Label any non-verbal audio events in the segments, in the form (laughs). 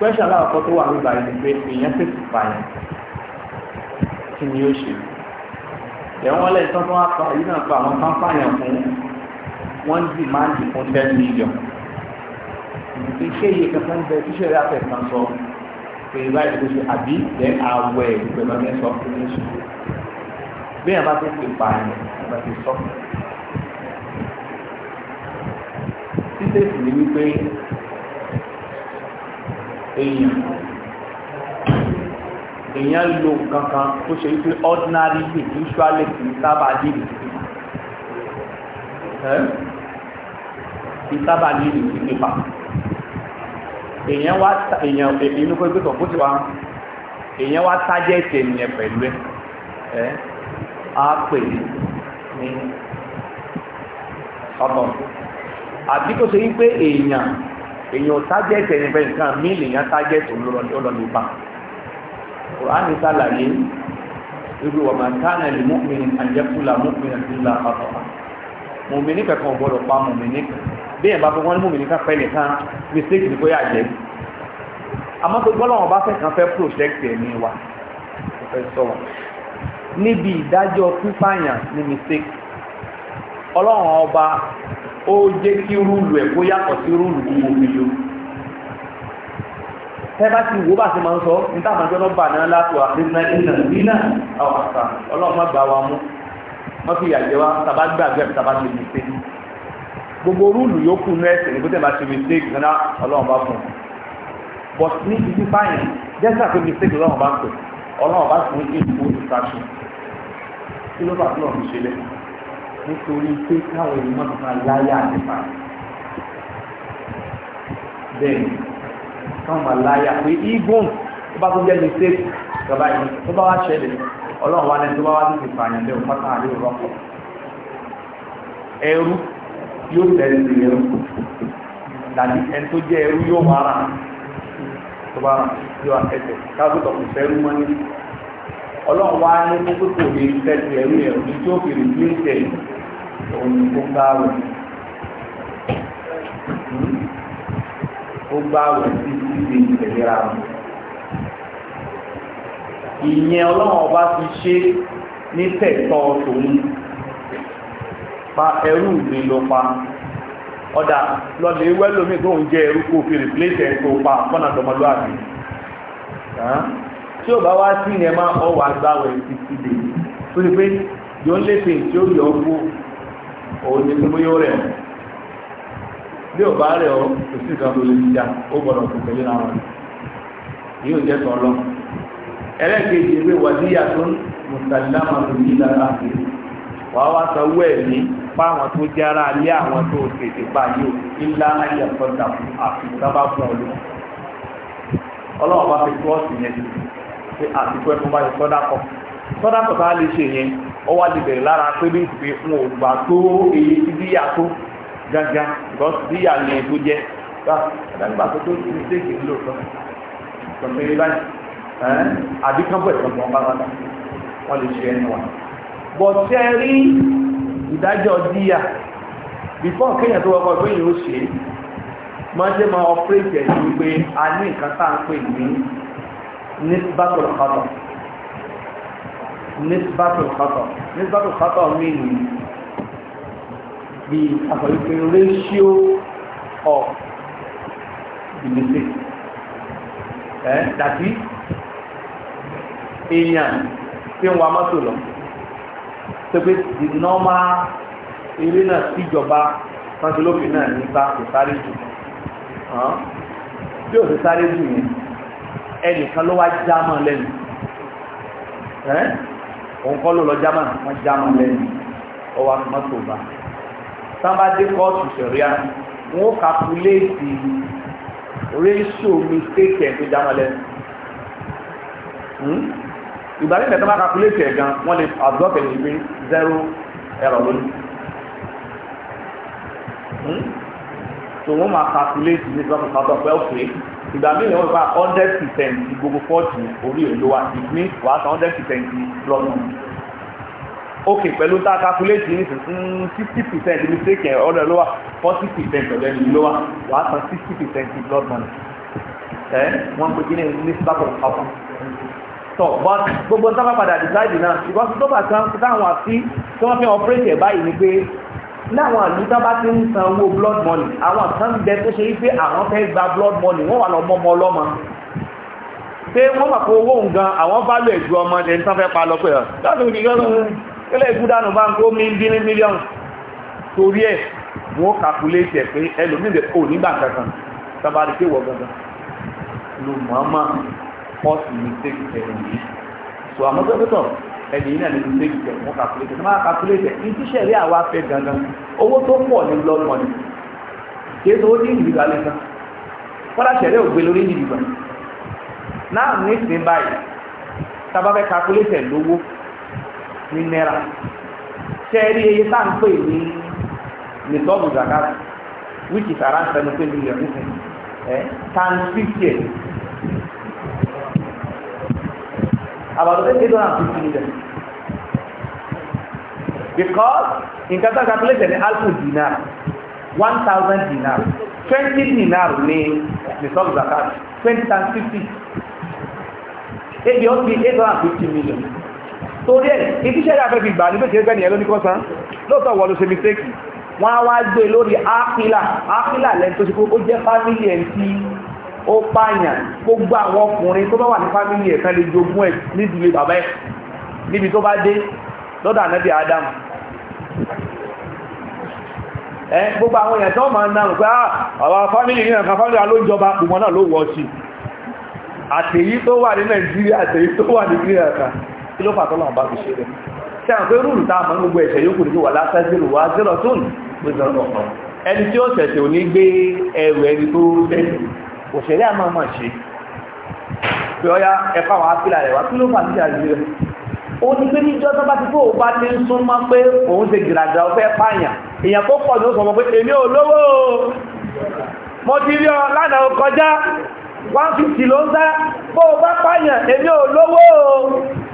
pẹ́ṣà láàkọ́ tó wà nígbà yìí pé èèyàn tètè pààyàn kí ni ó ṣe ẹ̀wọ̀n lẹ́yìn tó tó wá pa yìí náà pa àwọn kámpáyàn fún wọ́n dì máa ń dì fún ten million iṣẹ́ yìí kankan ń bẹ iṣẹ́ rẹ̀ afẹ́ kan sọ pé báyìí ló ṣe àbí ẹ̀ àwẹ̀ pẹ̀lú fún ní bí ẹ̀ bá tètè pààyàn ẹ̀ bá ti sọ́kùn. mistake ni wípé èèyàn èèyàn lo kankan tó ṣe wípé ordinary day usually kì í sábà dìbò kì í sábà dìbò sí pépà èèyàn wá èèyàn inú kó gbé tọ̀kú ti wá èèyàn wá tájẹ́ẹ̀tì ènìyàn pẹ̀lú ẹ̀ á pè ní ọ̀tọ̀ àbí kó ṣe wípé èèyàn èèyàn tágẹ́tì ẹni bẹ́ẹ̀ nǹkan mí lèèyàn tágẹ́tì olóòlọ́lù bá kùránì sàlàyé irú ọmọ kánà lè mọ́kùnrin àjẹkùlà mọ́kùnrin àtìlá àpapọ̀ mọ̀mìnì kankan gbọ́dọ̀ pa mọ̀mìnì bí ẹ̀ bá fẹ́ wọ́n ní mọ̀mìnì kan fẹ́ nìkan mistake ni kó yà jẹ́ àmọ́ tó gbọ́dọ̀ wọn bá fẹ́ kan fẹ́ protect ẹ̀mí wa kò fẹ́ sọ̀rọ̀ níbi ìdájọ́ pípààyàn ní mistake ọlọ́run ọba ó jẹ́ kí rúùlù ẹ̀ kó yàtọ̀ sí rúùlù gbogbo fíjọ tẹ́bá ti wò bá ti máa ń sọ níta àmàjọ́ náà bà náà látò àdínà ìnà ìnà àwọn àṣà ọlọ́run má gbà wá mú wọ́n fi ìyàjẹ́ wa tàbá gbàgbé àti tàbá ti lè ṣe gbogbo rúùlù yòókù náà ẹ̀sìn ní kó tẹ̀lé àti mistake náà ọlọ́run bá fún un but ní ibi fáyìn jẹ́sà pé mistake ọlọ́run bá pè ọlọ́run bá fún un ní ìfowópamọ́ kí ló bá fún ọ̀run nítorí pé káwọn èèyàn máa láyà nípa bẹ́ẹ̀ káwọn máa láyà pé igun tó bá tó jẹ́ mistake ìjọba yìí tó bá wá ṣẹlẹ̀ ọlọ́run wa lẹ́nu tó bá wá tètè pààyàn lẹ́wọ̀n pátá àlẹ́ òrọ́pọ̀ ẹrú yóò tẹ̀lé sí ẹrú dàbí ẹni tó jẹ́ ẹrú yóò máa rà tó bá yọ ẹsẹ̀ káàkótọ̀ kò fẹ́ rú mọ́ ní ọlọ́run wa ní kókó kò lè tẹ̀lé ẹrú ẹrú ní tí ó fi rìpléṣẹ̀ yìí òun kó gbáwẹ̀ ó gbáwẹ̀ sí ìdíje ìtẹ̀lera wọn ìyẹn ọlọ́run ọba ti ṣe ní tẹ̀tọ́ tòun pa ẹrú mi ló pa ọ̀dà lọ́dẹ̀ ewé lómi tó ń jẹ ẹrú kó fi rìpléṣẹ̀ tó pa fọ́nà tọmọlúwàbí tí ó bá wá sí ìyẹn máa ọwọ́ agbáwẹ̀ títí dè tó ti pé yóò lè pè tí yọ ọ́ òun ni túnbú yóò rẹ̀ bí ò bá rẹ̀ ọ kò sí ìkan tó lè jíjà ó gbọ́dọ̀ kò tẹ̀lé rẹ̀ jẹ́ tọ́ lọ ẹlẹ́ẹ̀kejì pé wàdíyà tó ń mùsàlámà tó yí lára àti wàá wá sọ owó ẹ̀mí fáwọn tó ara lé àwọn tó tètè bá yóò ńlá ayé ọ̀tọ̀ta àti sábà fún ọ lọ bá fi yẹn pé ẹ̀kọ́ bá yẹ a lè ṣe yẹn ó wá di bẹ̀rẹ̀ lára pé bí ìpè fún ògbà tó èyí tí díyà tó gángan because díyà lè tó jẹ́ bá àdàgbà tó tó ti ṣe kìí lò tán tọ́pẹ́ yìí báyìí àbí kan bọ̀ ìtọ́jú wọn bá wọn wọn lè ṣe ẹnu wa bọ̀tẹ́ rí ìdájọ́ díyà before kéèyàn tó wọ́pọ̀ pé yóò ṣe máa jẹ́ máa ọpẹ́rẹ́tì ẹ̀ pé a ní nǹkan tá à ń pè ní ní bákọ̀lọ̀kọ̀lọ̀ nisbatul khata nisbatul khata mean the àpẹẹrẹ ratio of the mistake ẹ̀ eh, dàbí èèyàn tí ń wa mọ́tò lọ tẹ́gbẹ́ di nọ́mà eré náà síjọba pàtàlófì náà nípa kò sáré jù bí ò sì sáré jù yẹn ẹnìkan ló wá já mọ́ lẹ́nu eh? òun kọ́ ló lọ jámà wọ́n jámà lẹ́nu ọwọ́ mọ́tò bá sábàdé kóòtù sẹ̀ríà wọ́n ó kàpúléètì réṣò mistake ẹ̀ tó jámà lẹ́nu hmm? ìgbà tí ìtẹ̀tẹ̀ bá kàpúléètì ẹ̀ gan wọ́n lè àdọ́kẹ̀ ní pé zero ẹ̀rọ lónìí tòun hmm? máa kàpúléètì ní ìtọ́kùnkàtọ̀ pẹ́ òfin ìgbà míì wọ́n gba hundred percent gbogbo fọ́ọ̀tì orí èlò wa it means wàá san hundred percent plus one. ok pẹ̀lú tá a calculate ní sixty hmm, percent mistake ẹ̀ ọ̀dọ̀ ló wà forty percent ọ̀dọ̀ ẹni ló wà wàá san sixty percent plus one. ẹ wọ́n pe kí ni ní sábà ọ̀pọ̀ tọ̀ but gbogbo sábà padà decide náà because tó bá tán táwọn àfi tí wọ́n fi operate ẹ̀ báyìí ni pé láwọn àlú tán bá ti ń san owó blood money àwọn kan bẹ tó ṣe wípé àwọn fẹ́ gba blood money wọ́n wà lọ mọ́mọ ọlọ́mọ pé wọ́n mọ̀ pé owó nǹkan àwọn bá lè ju ọmọ ẹni tán fẹ́ pa lọ pé láti òkè gẹ́gẹ́ ilẹ̀ ìgúdánù bá ń kó mí dín ní mílíọ̀nù torí ẹ̀ wọ́n kàkúlétì ẹ̀ pé ẹlòmílẹ̀ kò nígbà kankan sábàrí pé wọ́n gangan ló mọ̀ọ́mọ̀ pọ́ọ̀sì mistake ẹ̀rọ yìí so àmọ́ tó ẹni yìí náà ní ti ṣéèkì tẹ̀ wọ́n kàkúlẹ̀tẹ̀ tó máa kàkúlẹ̀tẹ̀ ní tíṣẹ̀ rí àwa fẹ́ gangan owó tó pọ̀ ní lọ́gbọ̀n ni kí ló ní ìdìbò alẹ́ kan kọ́lá ṣẹ̀rẹ́ ògbé lórí ìdìbò náà ní ìsìn báyìí tábà fẹ́ kàkúlẹ̀tẹ̀ lówó ní náírà ṣẹ́ẹ̀rí eye tá à ń pè ní nìtọ́gùn zakat which is around seventeen million nísìnyí ẹ̀ times fifty about 850 million because nǹkan tó calculate ní alfu dinar 1000 dinar 20 dinar ní nisab zakat 20 times 50 ebi ó ti 850 million torí ẹ̀ ibi ṣẹ́yà fẹ́ fi gbà ní pèsè ẹgbẹ́ nìyẹn ló ní kọ́ san lóòótọ́ wọ́n ló ṣe mistake wọ́n á wá gbé lórí ápìlà ápìlà lẹ́ni tó ṣe kó jẹ́ fámílì ẹ̀ ń tí ó pààyàn gbogbo àwọn ọkùnrin tó bá wà ní fámìlì ẹ̀ kan lè jogún ẹ̀ nídìílé bàbá ẹ̀ níbi tó bá dé lọ́dọ̀ ànábì Adam ẹ gbogbo àwọn èèyàn tó máa ń dáhùn pé ah, àwọn fámìlì ní ẹ̀kan fámìlì alójọba gbogbo náà ló wọ́ sí àtèyí tó wà ní Nàìjíríà àtèyí tó wà ní Nàìjíríà kan kí ló fà tọ́lọ̀ bá fi ṣe rẹ̀ tí àwọn pé rúrù táa gbogbo ẹ̀ṣẹ̀ yóò ní wà látà zero wá zero tó gbogbo ẹni tí ó ṣẹ̀ṣẹ̀ ò ní gbé ẹrù ẹni tó tẹ́lẹ̀ òṣèré àmọ́ ọmọ ṣe pé ọya ẹ̀fà wà á pílà rẹ̀ wá kí ló fà níjà ìlú rẹ̀ ó ní pé níjọ́ tó bá ti fóòwò bá ti ń sún mọ́ pé òun ti gìràgà ọ̀fẹ́ pààyàn èèyàn tó pọ̀ ní ó sọ mọ́ pé èmi ò lówó mo ti rí ọ lánàá kọjá one fifty ló ń dá bó o bá pààyàn èmi ò lówó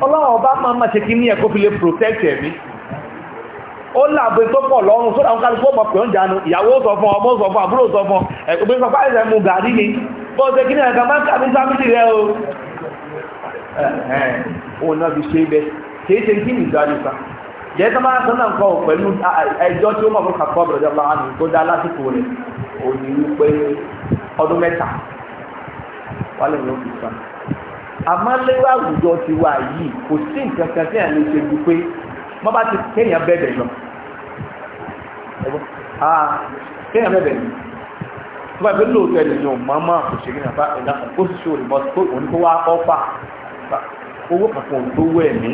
ọlọ́run ọba máa ma ṣe kí ní ẹ̀kọ́ fi lè protect ẹ̀mí ó làbẹ tó pọ̀ lọ́rùn sódà ń kálukú ọmọ pè ń jánu ìyàwó sọ fún ọmọ sọ fún àbúrò sọ fún ẹgbẹ́ sọ fún àìsàn mu gàrí ni ka kí ni ẹ̀ka máa ń o ó náà fi ṣe bẹ kìí ṣe kí ni ìdájọ́ jẹ́ tó máa sọ́nà pẹ̀lú ẹjọ́ tí ó mọ̀ fún kàkọ́ ọ̀bẹ̀rẹ̀ ti wà yìí kò sí nǹkan kan tí kéèyàn bẹ̀bẹ̀ ni tó bá ìpínlẹ̀ òótọ́ ẹni yóò máa máa kò ṣe kíyàn bá ẹ̀dá kan kó sì ṣe olùmọ̀ tó òní kó wá ọ́fà owó kankan tó wọ ẹ̀mí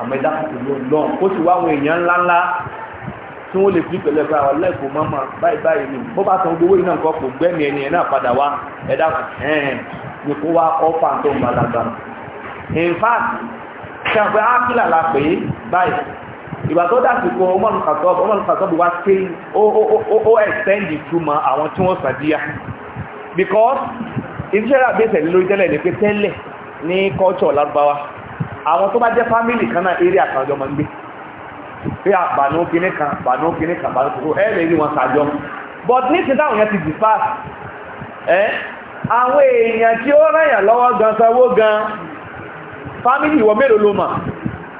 àmọ́ ẹ̀dá kan kò lóun lọ́n kó sì wá àwọn èèyàn ńláńlá tí wọ́n lè fi pẹ̀lẹ́ fún àwọn lẹ́kọ̀ọ́ mọ́mọ́ báyìí báyìí ni bó bá san gbowó iná nǹkan kò gbẹ́mí ẹni ẹ̀ náà padà wá ẹ̀dá kan ni kó wá ìgbà tó dàsìkò Umaru Khattab Umaru Khattab wá sí ó extend ìtumọ̀ àwọn tí wọ́n sàdíyà because ìdíṣẹ́ra àgbésẹ̀ lórí tẹ́lẹ̀ ní pé tẹ́lẹ̀ ní culture lárúbáwá àwọn tó bá jẹ́ family kan náà eré àkànjọ máa ń gbé pé àbànú kìíní kan àbànú kìíní kan àbànú kòkó ẹ̀ lè rí wọn sàjọ but ní ti táwọn yẹn ti dispass ẹ́ àwọn èèyàn tí ó rẹ̀yàn lọ́wọ́ gan sanwó gan family ìwọ mélòó ló mọ̀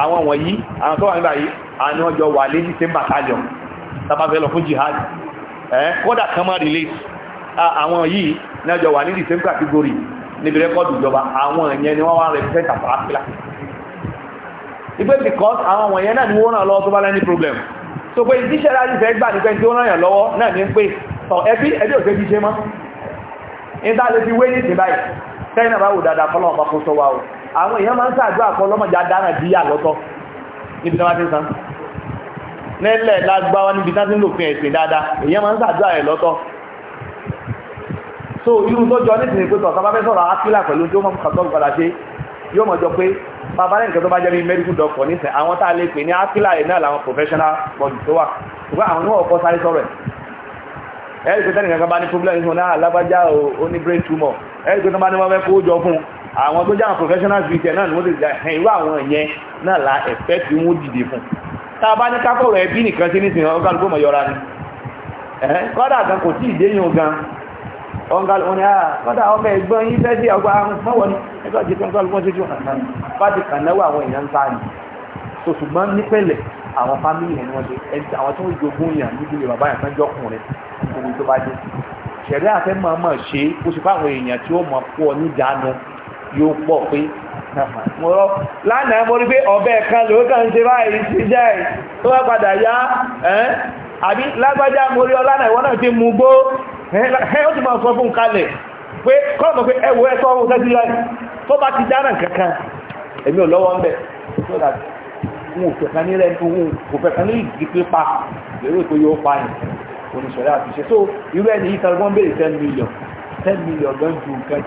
àwọn wọ̀nyí àwọn tó wà nígbà yìí àni ọjọ́ wà lé ní same battalion tàbáfẹ́ lọ fún jihad ẹ́ kódà kan mọ́ relate àwọn yìí ní ọjọ́ wà ní the same category níbi rẹ́kọ́dù ìjọba àwọn ìyẹn ni wọ́n wá represent àfàáfíà ìgbé because àwọn wọ̀nyẹn náà ni wọ́n ràn lọ́wọ́ tó bá lẹ́ni problem so pé ìdíṣẹ́ láti fẹ́ gbà nípẹ́ tí ó ràn yàn lọ́wọ́ náà ní pé ẹbí ẹbí òfin ti ṣe mọ́ ìdá lè fi wé ní ìsìn báyìí tẹ́yìn náà bá wò dáadáa fọ́lọ́wọ́n bá kó sọ wa o àwọn èèyàn máa ń ṣàdúrà kan lọ́mọdé adára díyà lọ́tọ̀ níbi tí wọ́n ti san nílẹ̀ lágbáwá níbi tí wọ́n ti ń lòfin ẹ̀sìn dáadáa èèyàn máa ń ṣàdúrà rẹ̀ lọ́tọ̀ so irú tó jọ nísìnyí pé tọ̀sán bá fẹ́ sọ̀rọ̀ akílà pẹ̀lú tó mọ̀ kàtọ́ gbọ́dọ̀ ṣe yóò mọ̀ jọ pé bàbá lẹ́yìn kan tó bá jẹ́ bí medical doctor nísìn àwọn tá a lè pè ní akílà rẹ̀ náà làwọn professional body tó wà ṣùgbọ́n àwọn oníwọ̀ ọkọ̀ sáré sọ̀rọ̀ ẹ̀ ẹ́rì pé tẹ́nìkan kan bá ní problem alágbájá ah, o ní brain tumor ẹ́rì pé tó bá ní wọ́n fẹ́ kó jọ fún àwọn tó jáwọn professional speaker náà ni wọ́n ti gbà hàn irú àwọn ìyẹn náà la ẹ̀fẹ́ tí wọ́n dìde fún tá a bá ní kápọ̀rọ̀ ẹbí nìkan sí nísìnyí ọ̀gá ló mọ̀ yọra ni kọ́dà gan kò tí ì dé yín gan ọ̀gá ló ní àá ah, kọ́dà ọmọ ẹ̀gbọ́n yín fẹ́ sí ọgbà mọ́wọ́ ni ẹgbẹ́ ti fẹ́ ọgbà lọ́wọ́ ṣojú hàn bá ti kàn náwó àwọn èèyàn ń ta ni so ṣùgbọ́n nípẹ̀lẹ̀ àwọn fámìlì yẹn ni wọ́n ṣe ẹni àwọn tó ń jogún yàn níbi ilé bàbá yẹn fẹ́ jọkùnrin gbogbo tó bá dé ṣẹ̀rí àfẹ́ máa máa ṣe é kó ṣe fáwọn èèyàn tí ó mọ̀ pọ̀ níjàánu yóò pọ̀ pé mọ̀rọ̀ lánàá mo rí pé ọ̀bẹ kan ló kàn ṣe báyìí sí jẹ́ ẹ̀ tó wá padà yá ẹ́ àbí lágbájá mo rí ọlánà ìwọ náà ti mú gbó ẹ́ ó ti máa sọ fún kalẹ̀ pé kọ́ọ̀mọ̀ pé ẹwọ ẹ̀ sọ́wọ́ sẹ́sí láì tó bá ti dáná kankan èmi ò lọ́wọ́ ń bẹ̀ so that wọn ò fẹ̀kan ní rẹ̀ wọn ò fẹ̀kan ní ìdí pé pa lérò pé yóò pa yìí oníṣẹ̀lẹ̀ àfiṣe so irú ẹni yìí tàbí wọ́n ten million ten million lọ́n ju nǹkan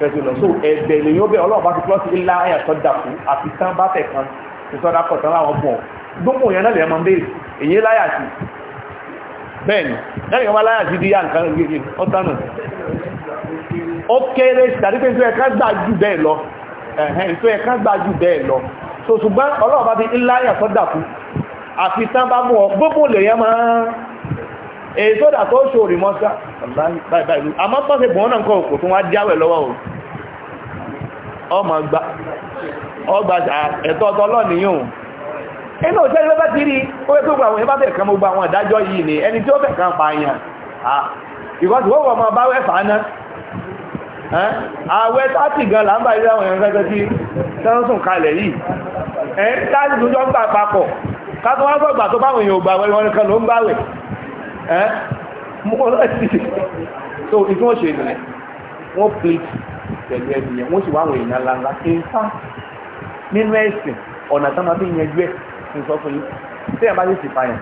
fẹsẹ̀ lọ so ẹ̀bẹ̀ lè yóò bẹ Ọlọ́run bá ti plọsi ilá ẹyà tó dàkú àti tán bá tẹ kan ìsọdá pọ tán láwọn bọ gbogbo yẹn náà lè mọ bẹ́ẹ̀ èyí láyà sí bẹ́ẹ̀ni lẹ́yìn ọmọ láyà sí di yá nǹkan gbèsè ó tánù ó kéré tàbí pé ìfẹ́ ẹ̀ká gbà jù bẹ́ẹ̀ lọ ẹ̀hẹ́n ìfẹ́ ẹ̀ká gbà jù bẹ́ẹ̀ lọ so ṣùgbọ́n Ọlọ́run bá ti ilá ẹyà tó dàkú àti tán bá mú ọ gbogbo lè yẹn máa èyí tó dà ṣòrì mọ́sá báyìí àmọ́ pọ́sẹ̀ bọ̀n náà kọ́ òkò tó wá jáwẹ̀ lọ́wọ́ o ọmọ gba ọgbà ẹ̀tọ́ ọtọlọ́ nìyàn inú òṣèlú bá ti rí ó yẹ tó gbà àwọn ìbáfẹ́ kan gbogbo àwọn ìdájọ́ yìí ni ẹni tí ó fẹ́ kan pààyàn ìwọ́sí wọ́wọ́ ọmọ bá wẹ́ fàánà àwẹ́ tààtì gan lámbà ilé àwọn èèyàn kẹ́kẹ́ tí tẹ́rọsùn kalẹ̀ yìí ẹ̀ ń mọ́ láti so if wọ́n ṣe ìrìnlẹ̀ wọ́n plate pẹ̀lú ẹbí yẹn wọ́n sì wá àwọn èèyàn ńláńlá in nínú ẹ̀sìn ọ̀nà tán máa fi yanjú ẹ̀ ń sọ fún yín tẹ́yìn bá sì ti payàn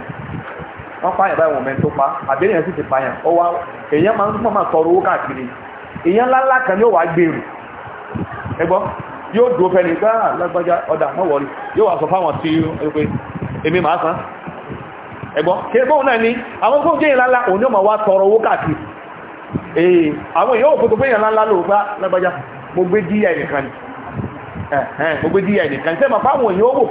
wọ́n báyìí wọ́n pa àbẹ́rẹ́ yẹn sì ti payàn ó wá èèyàn máa ń mọ̀ máa tọrọ owó káàkiri èèyàn kan yóò wá gbèrú ẹgbọ́n yóò dúró fẹ́ni gbáà lágbájá ọ̀dà mọ́wọ́rí yóò wá sọ fáwọn tí ó èmi màá san ẹ̀gbọ́n kẹgbọ́n náà ni àwọn tó jẹ́ ìlànà òun ni wá tọrọ owó káàkiri ee àwọn èèyàn òfin tó fẹ́ ìlànà lóògbá lágbájá mo díyà ẹnìkan ni mo sẹ́mà fáwọn òwò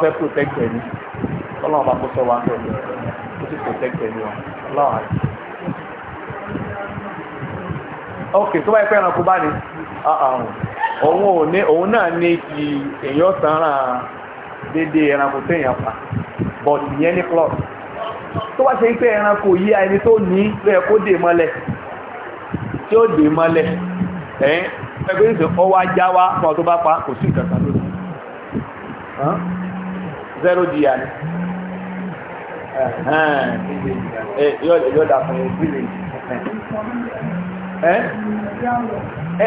fẹ́ gbogbo òun náà ní ti èyàn sanra dédé ẹranko téèyàn pa but ìyẹn ní club tó bá ṣe ń pé ẹranko yí ẹni tó ní rẹ̀ kó dè mọ́lẹ̀ tí ó dè mọ́lẹ̀ ẹ̀yìn ẹgbẹ́ ìṣẹ́ ọwọ́ ajá wá fún ọdún bá pa kò sí ìkàkà lónìí zero dia ni yóò dà fún ẹ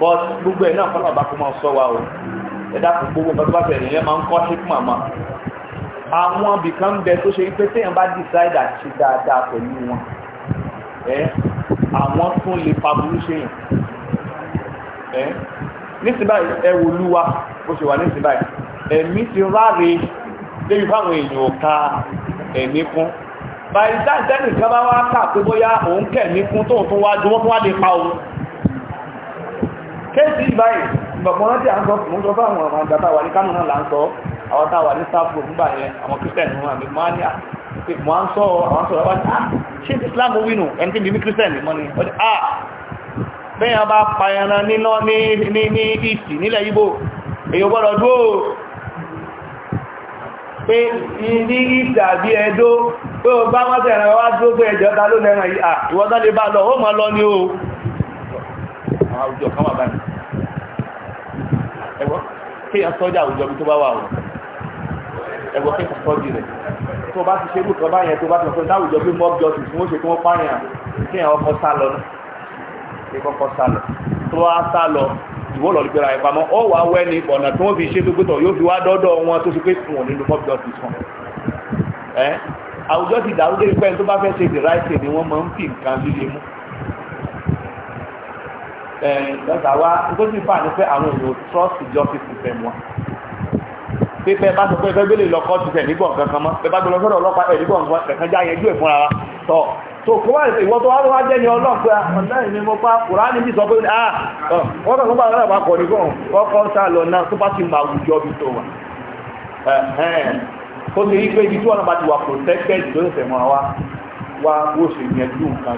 but gbogbo ẹ̀ náà fọlọ́ọ̀bá kó máa sọ wa o ẹ̀dá kò gbogbo nǹkan tó bá bẹ̀rẹ̀ yẹn máa ń kọ́ ṣíkùn àmọ́ àwọn bìkan bẹ tó ṣe pé téèyàn bá decide àti ṣe dáadáa pẹ̀lú wọn ẹ àwọn tún lè fa burú ṣèyàn ẹ nísìnyí báyìí ẹ wò lúwa bó ṣe wà nísìnyí báyìí ẹ̀mí ti ráre débi fáwọn èèyàn ò ka ẹ̀mí kún báyìí dáadáa nìkan bá wá kà pé bóyá òun kẹ̀mí kún tóun tún wá ju wọ́n tún wá lè pa òun kéèsì ìbáyìí ìgbàgbọ́n tí a ń sọ fún sọ fáwọn ọmọ ìgbà táwà ní kánò náà là ń sọ àwọn táwà ní sáfù nígbà yẹn àwọn kírísítẹ̀nì wọn àmì máa ní pé mo á ń sọ àwọn sọ̀rọ̀ wá ní à ah, islam wí nù ẹni tí bíbí kírísítẹ̀nì mọ́ ni ó A. Ah, à bẹ́ẹ̀ bá payanra níná ní ní ní ìsì nílẹ̀ yíbò èyí ò gbọ́dọ̀ dúró pé ní ìsì àbí ẹ̀dó pé o bá wọ́n tẹ̀rẹ̀ wá dúró pé ẹ̀jọ́ ta ló lẹ́ràn àwọn àwùjọ kan wà báyìí ẹ̀wọ́ kéèyàn sọ́jà àwùjọ bí tó bá wà o ẹ̀wọ́ kéèyàn sọ́jì rẹ̀ tó bá ti ṣe irú kan báyẹn tó bá ti lọ sọ́jà àwùjọ bí mọ́ọ̀bì ọ̀sùn tí wọ́n ṣe kí wọ́n pààyàn kéèyàn ọkọ̀ sá lọ ní kọ́kọ́ sá lọ tó wá sá lọ ìwọ́ lọ gbéra ẹ̀ pamọ́ ọ wà wẹ́ni ọ̀nà tí wọ́n fi ṣe gbogbo yóò fi wá dọ́dọ̀ wọn tó ṣe pé wọn nínú mọ́ọ̀bì ọ̀sùn sàn ẹ́ àwùjọ ti dàrú dé pẹ́ tó bá fẹ́ ṣe the right thing ni wọ́n máa ń fi nǹkan líle mú Eh, lọ́sà wa nítorí fà ní pé àwọn èèyàn trust justice system wọn pé pé bá sọ pé ẹgbẹ́ gbélé lọ kọ́ọ̀tù tẹ̀ nígbọ̀n kankan mọ́ pé bá gbé lọ sọ́dọ̀ ọlọ́pàá ẹ̀ nígbọ̀n kan kankan já yẹn jú ẹ̀ fúnra wa tọ̀ tó kó wá ìwọ tó wá wá jẹ́ ni ọlọ́pàá ah, ọ̀nàyìn ni mo pa kùránì bí sọ pé ah wọ́n kàn sọ́pàá ọlọ́pàá kọ̀ nígbọ̀n kọ́kọ́ sá lọ náà tó bá ti máa wùjọ bí tó wà ó ti rí pé ibi tí wọn bá ti wà protected ló ń fẹ̀mọ́ wa wá ó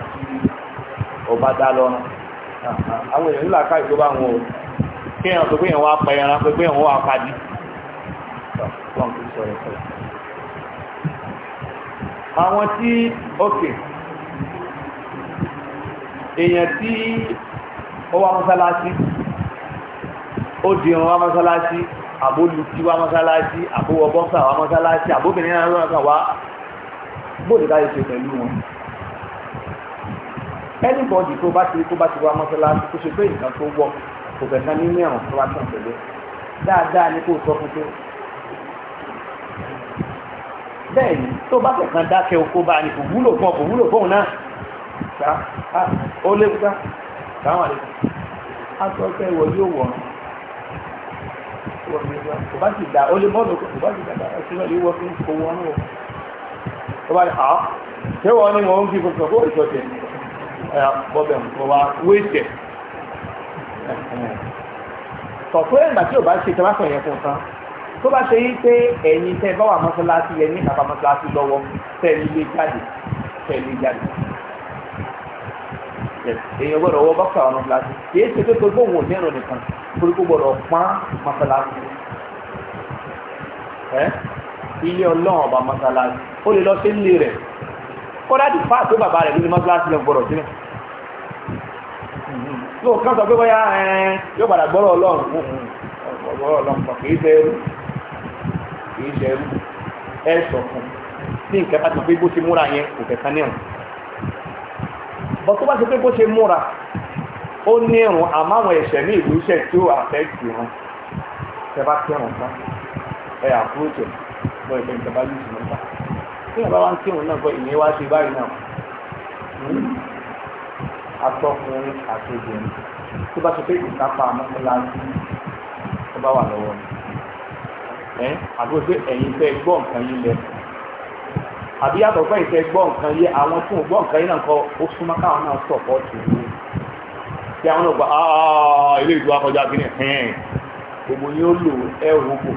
ọba dá lọ́rùn àwọn èèyàn nílà káì tó bá wọn o kí èèyàn tó pé wá pa ẹran pé èèyàn wá padì àwọn tí òkè èèyàn tí ó wá mọ́sálásí ó di ìran mọ́sálásí àbólùtí wá mọ́sálásí àbówọ wá mọ́sálásí àbóbìnrin náà lọ́nà kan wá bóòdì ká pẹ̀lú wọn anybody tó bá ti rí tó bá ti wá mọ́ṣáláṣí tó ṣe pé nǹkan tó wọ̀ kò fẹ́ kan nínú ẹ̀rùn tó bá tàn pẹ̀lú dáadáa ni kò sọ fún pé bẹ́ẹ̀ ni tó bá fẹ́ kan dákẹ́ oko bá ní kò wúlò fún ọ kò wúlò fóun náà ṣá ó léwu ká ṣáwọn àlejò aṣọ ọ̀fẹ́ ìwọ yóò wọ̀ kò bá ti dà ó lé bọ́ọ̀lù kò bá ti dà ẹ̀sìn náà yóò wọ fún kò wọ́n náà wọ̀ tó bá ní àá ṣé wọ́n ní wọ́n ń fi kò sọ fún ìṣọ̀tẹ̀ bọ́bẹ̀ nǹkan wa wéṣẹ̀ tọ̀pẹ́ ìgbà tí ò bá ṣe tẹ́wàá sọ̀yẹn fún tán tó bá ṣe yí pé ẹ̀yin tẹ́ bá wà mọ́sálásí yẹn ní kàfà mọ́sálásí lọ́wọ́ tẹ̀lé ilé jáde tẹ̀lé ilé jáde èèyàn gbọ́dọ̀ wọ bọ́kà ọ̀nà mọ́sálásí kìí ṣe pé gbogbo òun ò ní ẹ̀rọ nìkan torí kó gbọ́dọ̀ pọ́n mọ́sálásí ilé ọlọ́run ọba mọ́sálásí ó lè lọ sí ilé rẹ̀ kọ́dá ti fà tó bàbá rẹ̀ lórí mọ́sálásí lọ gbọ́rọ̀ sílẹ̀ ló kàn sọ pé bóyá yóò padà gbọ́rọ̀ ọlọ́run gbọ́rọ̀ ọlọ́run pọ̀ kìí ṣe ẹrú kìí ṣe ẹrú ẹ sọ fún ní nǹkan bá ti pé bó ṣe múra yẹn kò kẹ̀kẹ́ ní ẹ̀rùn bọ́ tó bá ti pé bó ṣe múra ó ní ẹ̀rùn àmọ́ àwọn ẹ̀ṣẹ̀ ní ìlú iṣẹ́ tí ó àfẹ́ wọn tẹ bá ún ẹ̀ àfúrúṣẹ̀ bọ́ ẹ̀fẹ́ ìjọba yìí ṣùgbọ́n tí ìyàbá wa ń kírun náà gbọ́ ìyẹn wá ṣe báyìí náà atọ́kùnrin àti obìnrin tó bá ṣe pé ìkápá amọ́kọ́láńtì tó bá wà lọ́wọ́ ni ẹ́ àbí wọ́n pé ẹ̀yin fẹ́ gbọ́ nǹkan yín lẹ àbí yàtọ̀ pé ìfẹ́ gbọ́ nǹkan yín àwọn tó ń gbọ́ nǹkan yín náà kọ́ ó súnmọ́ káwọn náà sọ̀pọ̀ tì í tí àwọn náà gba ilé ìjọba kọjá kí ni gbogbo yín ó lò ẹ rògbò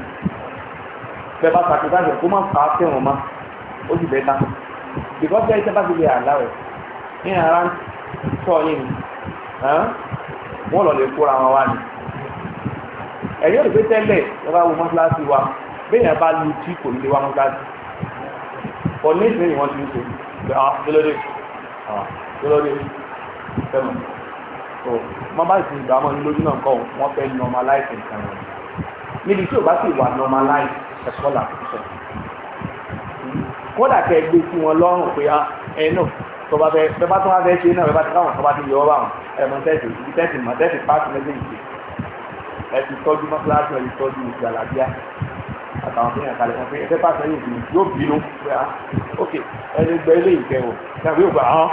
bẹ́ẹ̀ bá ṣàkíyèsí kó má fà á tẹ̀wọ̀n máa ó sì bẹ́ẹ̀ tán because bẹ́ẹ̀ sábà ti lè àlá rẹ̀ ní ara ń tọ́ yín ni wọ́n lọ lè kóra wọn wá ni ẹ̀yìn òdòdó tẹ́lẹ̀ lọ́ba wo mọ́sálásí wa bẹ́ẹ̀ yẹn bá lu tí kò ní lè wá mọ́sálásí kò ní ìsinmi ni ti ń ṣe pé ah kílódé ah kílódé fẹ́mọ̀ tó má bá ìsinmi ìgbà wọn lójú náà kọ́ wọn fẹ́ normalize nǹkan wọn níbi tí ò bá sì wà normalize ẹ̀kọ́ làkúṣẹ́ kódà kẹ gbé sí wọn lọ́rùn pé ah, ẹ náà tó bá fẹ́ tó bá tó wá fẹ́ ṣe náà bá ti káwọn tó bá ti yọ ọ bá wọn ẹ mọ tẹsí ibi tẹsí mọ tẹsí páàkì méjèèjì ẹ ti tọ́jú mọ́sálásí ẹ ti tọ́jú ìgbàlàbíà àtàwọn tó yàn kalẹ̀ wọn pé ẹgbẹ́ pàṣẹ yóò bínú yóò bínú pé ah ok ẹni gbẹ ilé ìkẹ o tàbí ògbà hàn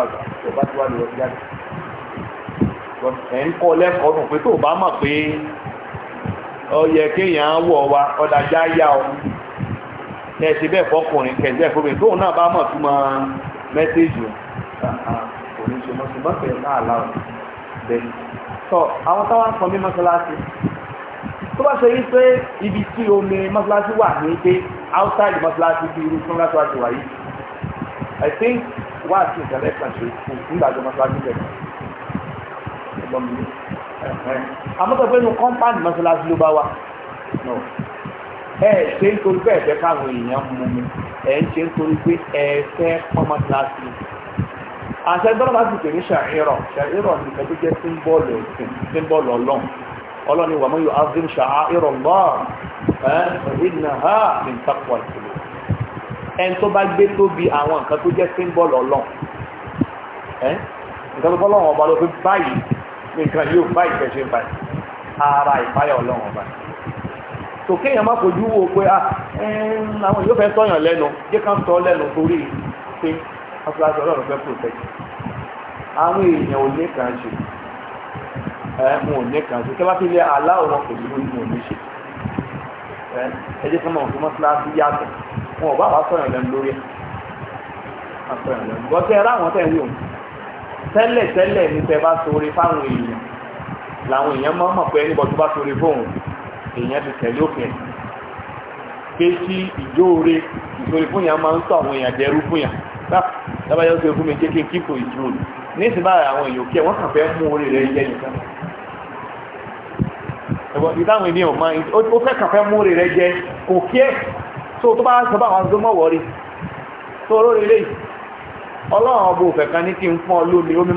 ah, tó bá ti wá lọ sí àgbà ń kọ́ lẹ́kọ̀ọ́ nù pé tó bá mọ̀ pé ó kéèyàn wọ̀ wa ọ̀dàjà yá ọ kẹsì bẹ́ẹ̀ fọkùnrin kẹsì bẹ́ẹ̀ fọkùnrin tóun náà bá mọ̀ tún mọ mẹ́sẹ̀jì o òní ṣe mọ́sùmọ́sẹ̀ náà láwọn bẹ́ẹ̀ tọ́ àwọn táwọn kan ní mọ́sálásí tó bá ṣe wípé ibi tí omi mọ́sálásí wà ní pé outside mọ́sálásí bí irú fún láti wájú wáyé i think wá sí ìjàlẹ̀ kan ṣe kú nígbàjọ mọ́sálásí bẹ̀rẹ̀ ẹ̀gbọ́n mi àmọ́tọ̀ pé inú compound mọ́sálásí ló bá wà ẹ ṣe ń torí pé ẹ̀fẹ́ káwọn èèyàn mú mi ẹ̀ ń ṣe ń torí pé ẹ̀fẹ́ pọ́nmọ́ kíláàsì àṣẹ dọ́rọ̀ láti pè ní ṣàhírọ̀ ṣàhírọ̀ ní ìfẹ́ tó jẹ́ símbọ́ọ̀lù ẹ̀sìn símbọ́ọ̀lù ọlọ́run ọlọ́run ni wà mọ́ yóò azim ṣàhírọ̀ lọ́ọ̀ ẹ̀ ìdìnnà ha ní takwa ìṣòro ẹni nǹkan tó jẹ́ ọba ló fi báyìí nǹkan yóò báyìí fẹ́ ṣe báyìí ara ìfáyà ọlọ́run ọba tò kéèyàn má fojú wo pé ah, àwọn yóò fẹ́ sọ̀yàn lẹ́nu jẹ́ ká sọ lẹ́nu torí pé afurasí ọlọ́run fẹ́ protect àwọn èèyàn ò ní kàn ṣe ẹ mo ò ní kàn ṣe kí wọ́n fi lé aláwọ̀ wọn kò ní lórí mo ò ní ṣe ẹ ẹ jẹ́ sọ́mọ̀ òfin mọ́sálásí yàtọ̀ wọn ò bá wàá sọ̀yàn lẹ́nu lórí ẹ̀ àsọ̀yàn lẹ́nu gbọ́dọ̀ ẹ láwọn tẹ̀ ń wò tẹ́lẹ̀ tẹ́lẹ̀ ní tẹ́ bá sọ fáwọn èèyàn làwọn èèyàn máa mọ̀ pé ẹnìbọ̀ èèyàn ti tẹ̀lé òfin pé tí ìjóore ìṣòro fún yàn máa ń tọ́ àwọn èèyàn dẹrú fún yàn bá dábàá yóò ṣe fún mi jẹ́ kí n kíkò ìdúró nísìnyí báyìí àwọn èèyàn kí ẹ wọ́n kàn fẹ́ mú orí rẹ yẹ nìkan ẹ̀gbọ́n ìdáhùn ìdí ọ̀ma ó fẹ́ kàn fẹ́ mú orí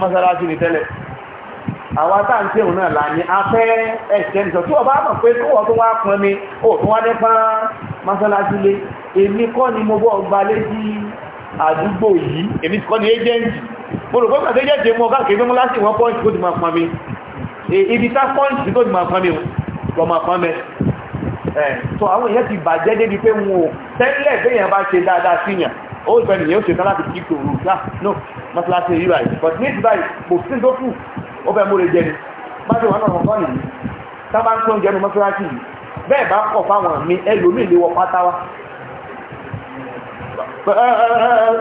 rẹ àwa tá à ń tẹ̀wọ̀n náà là ní afẹ́ ẹ̀sẹ̀ nìkan tí ọba mọ̀ pé kó wọ́n tó wá pọn mi ó wá dé pán mọ́sálásí lé èmi kọ́ ni mo bọ́ gba létí àdúgbò yìí èmi kọ́ ni éjẹ́ǹtì mo rò pé pàtó éjẹ́ǹtì mọ́ káàkiri ibi tá pọ́ǹtì tó ti máa pọn mi so àwọn èèyàn ti bàjẹ́ débi pé wọn ò tẹ́lẹ̀ béèyàn bá ṣe dáadáa síyàn ó ìfẹ́ nìyẹn ó ṣe tán láti kí tòrò ah, náà mọ́sálásí yìí báyìí but ní ìtìbáyìí kò sí tó ó fẹ́ múre jẹni májò wọn náà rọ̀mọ́nì yìí sábà ń tún jẹnu mọ́sálásí yìí bẹ́ẹ̀ bá kọ̀ fáwọn mi ẹlòmíì lè wọ pátá wa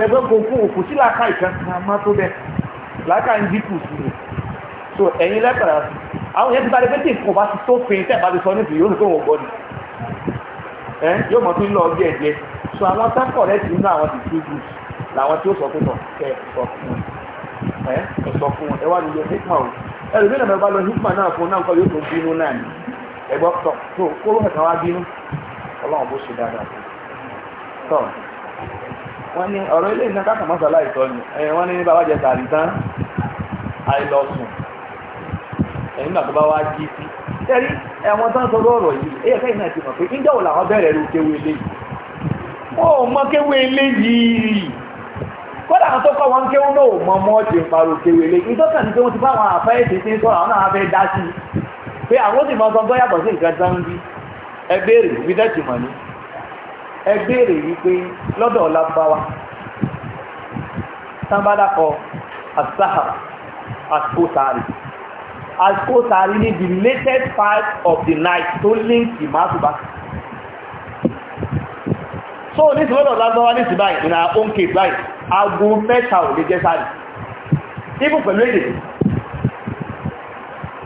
ẹgbẹ́ gbogbo òkú sí làákà ìkan máa tó bẹ́ẹ̀ làákà ń dínkù sí i so ẹ̀yin lẹ́pẹ̀rẹ̀ àwọn yẹn ti bá dé pé tí nǹkan bá ti ẹ eh? sọ fún ẹ wá lóye hikma o ẹlòmí náà bá lọ hikma náà fún náà nǹkan yóò tó bínú náà ni ẹgbọ tọ tó kóró kẹta wá bínú Ọlọ́run bó ṣe dáadáa tọ wọn ní ọ̀rọ̀ ilé iná káàkiri mọsálà ìtọ ni ẹ wọn ní bàbá jẹ tàbí tán àìlọsùn ẹ̀yìn náà tó bá wá jí sí tẹrí ẹwọn tán sọ lọ́rọ̀ yìí ẹyẹ kẹyìn náà ti mọ̀ pé níjọ́ wo làwọn bẹ̀rẹ̀ ló kéwé lé yìí wọn ò kéwé lé yìí kódà àwọn tó kọ́ wọn kéwú náà mọ mọ́ọ̀tì ìparò kéwèlé ìtọ́ka ní pé wọ́n ti bá àwọn àfẹ́yẹ̀sì sí sọ̀rọ̀ àwọn náà fẹ́ dá sí i pé àwọn sì máa sọ bọ́ yàtọ̀ sí nǹkan tán bí ẹ béèrè bí dẹ́tì mọ̀ ní ẹ béèrè wípé lọ́dọ̀ ọ̀làbáwa sábàdàkọ asáhà asukótaari asukótaari ni the latest part of the night tó link ìmáàtúbà. So so ní ti lọ́dọ̀ lágbọ́wá ní ti báyìí ìnà oúnjẹ báyìí aago mẹ́ta ò lè jẹ́ sáré ibù pẹ̀lú èdè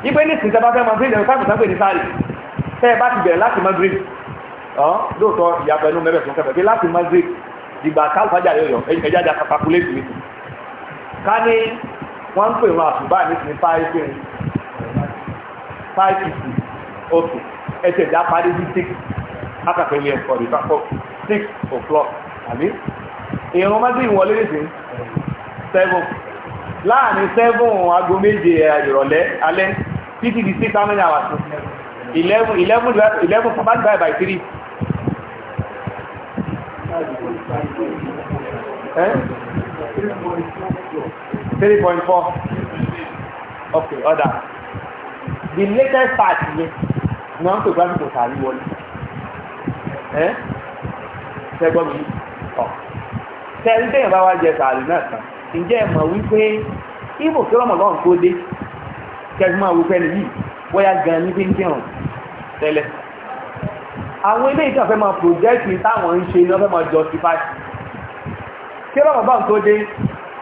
ipé ní ìsìn tẹbá fẹ́ máa fi ìdẹ̀rù sáàbù sáàbù ní sáré tẹ́ bá ti bẹ̀rẹ̀ láti madrid ọ́n lóòótọ́ ìyàtọ̀ inú mẹ́rẹ̀ fún kẹfẹ́ láti madrid ìgbà káàlùfájà yọyọ ẹjá jà kàkàkùlẹ́tì mi ká ní wọ́n ń pè wọn àtúbà ní ti five five fifty okay ẹsẹ̀ ìjà parí ní six akàkẹ́ ilé ẹ̀kọ́ rẹ̀ six o'clock àbí ìrún mọ́tì ìwọlé nìsí seven láàrin seven aago méje ìrọ̀lẹ́ alẹ́ títí di six how many hours eleven eleven eleven forty five by eh? three. point four. okay ọ̀dà the latest part yẹn ni wọ́n ń pè gbásùkò wọlé. Eh? ṣẹ́gbọ́n mi ọ̀ tẹ́lí tẹ́yìn bá wá jẹ sàárì náà tán ǹjẹ́ ẹ mọ̀ wípé ibò kí lọ́mọ lọ́run tó dé kẹ́gbọ́n máa wípé ni yìí bóyá gan ní pé ń dẹ̀rùn tẹ́lẹ̀ àwọn ilé ìtàn fẹ́ máa project táwọn ń ṣe iná fẹ́ máa justify kí lọ́mọ bá ń tó dé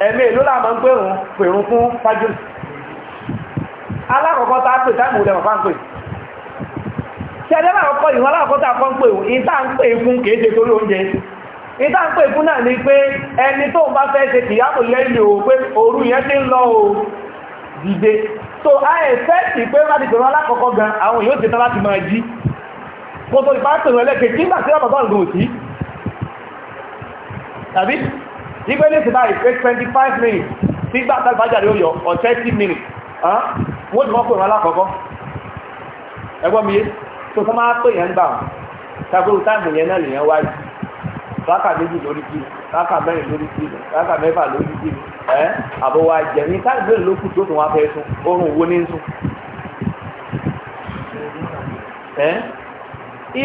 ẹ̀mí ìlú làmọ́ ń pèrún fún fájú alákọ̀ọ́kọ́ tá a pè táìmù rẹ̀ bá ń pè ṣẹlẹ́ láàkọ́ ìwọ̀n aláàkọ́ tàà kọ́ ń pè wọ́n ìta ń pè fún kéèṣe tó lóúnjẹ ìta ń pè fún náà ni pé ẹni tó ń bá fẹ́ ṣe kìyàmù lẹ́yìn o pé òru yẹn ti ń lọ o dìde so a ẹ̀fẹ́ẹ̀tì pé láti pè wọ́n alákọ̀ọ́kọ́ gan àwọn yóò ti tán láti máa jí kó tó ìpá pè wọ́n ẹgbọ́n mi tó sọ máa pè yẹn wọn táàmù yẹn náà wáyé méjì lórí kí lórí kí lórí kí ẹ jẹ ní ló kù tó tó wọn fẹẹ sùn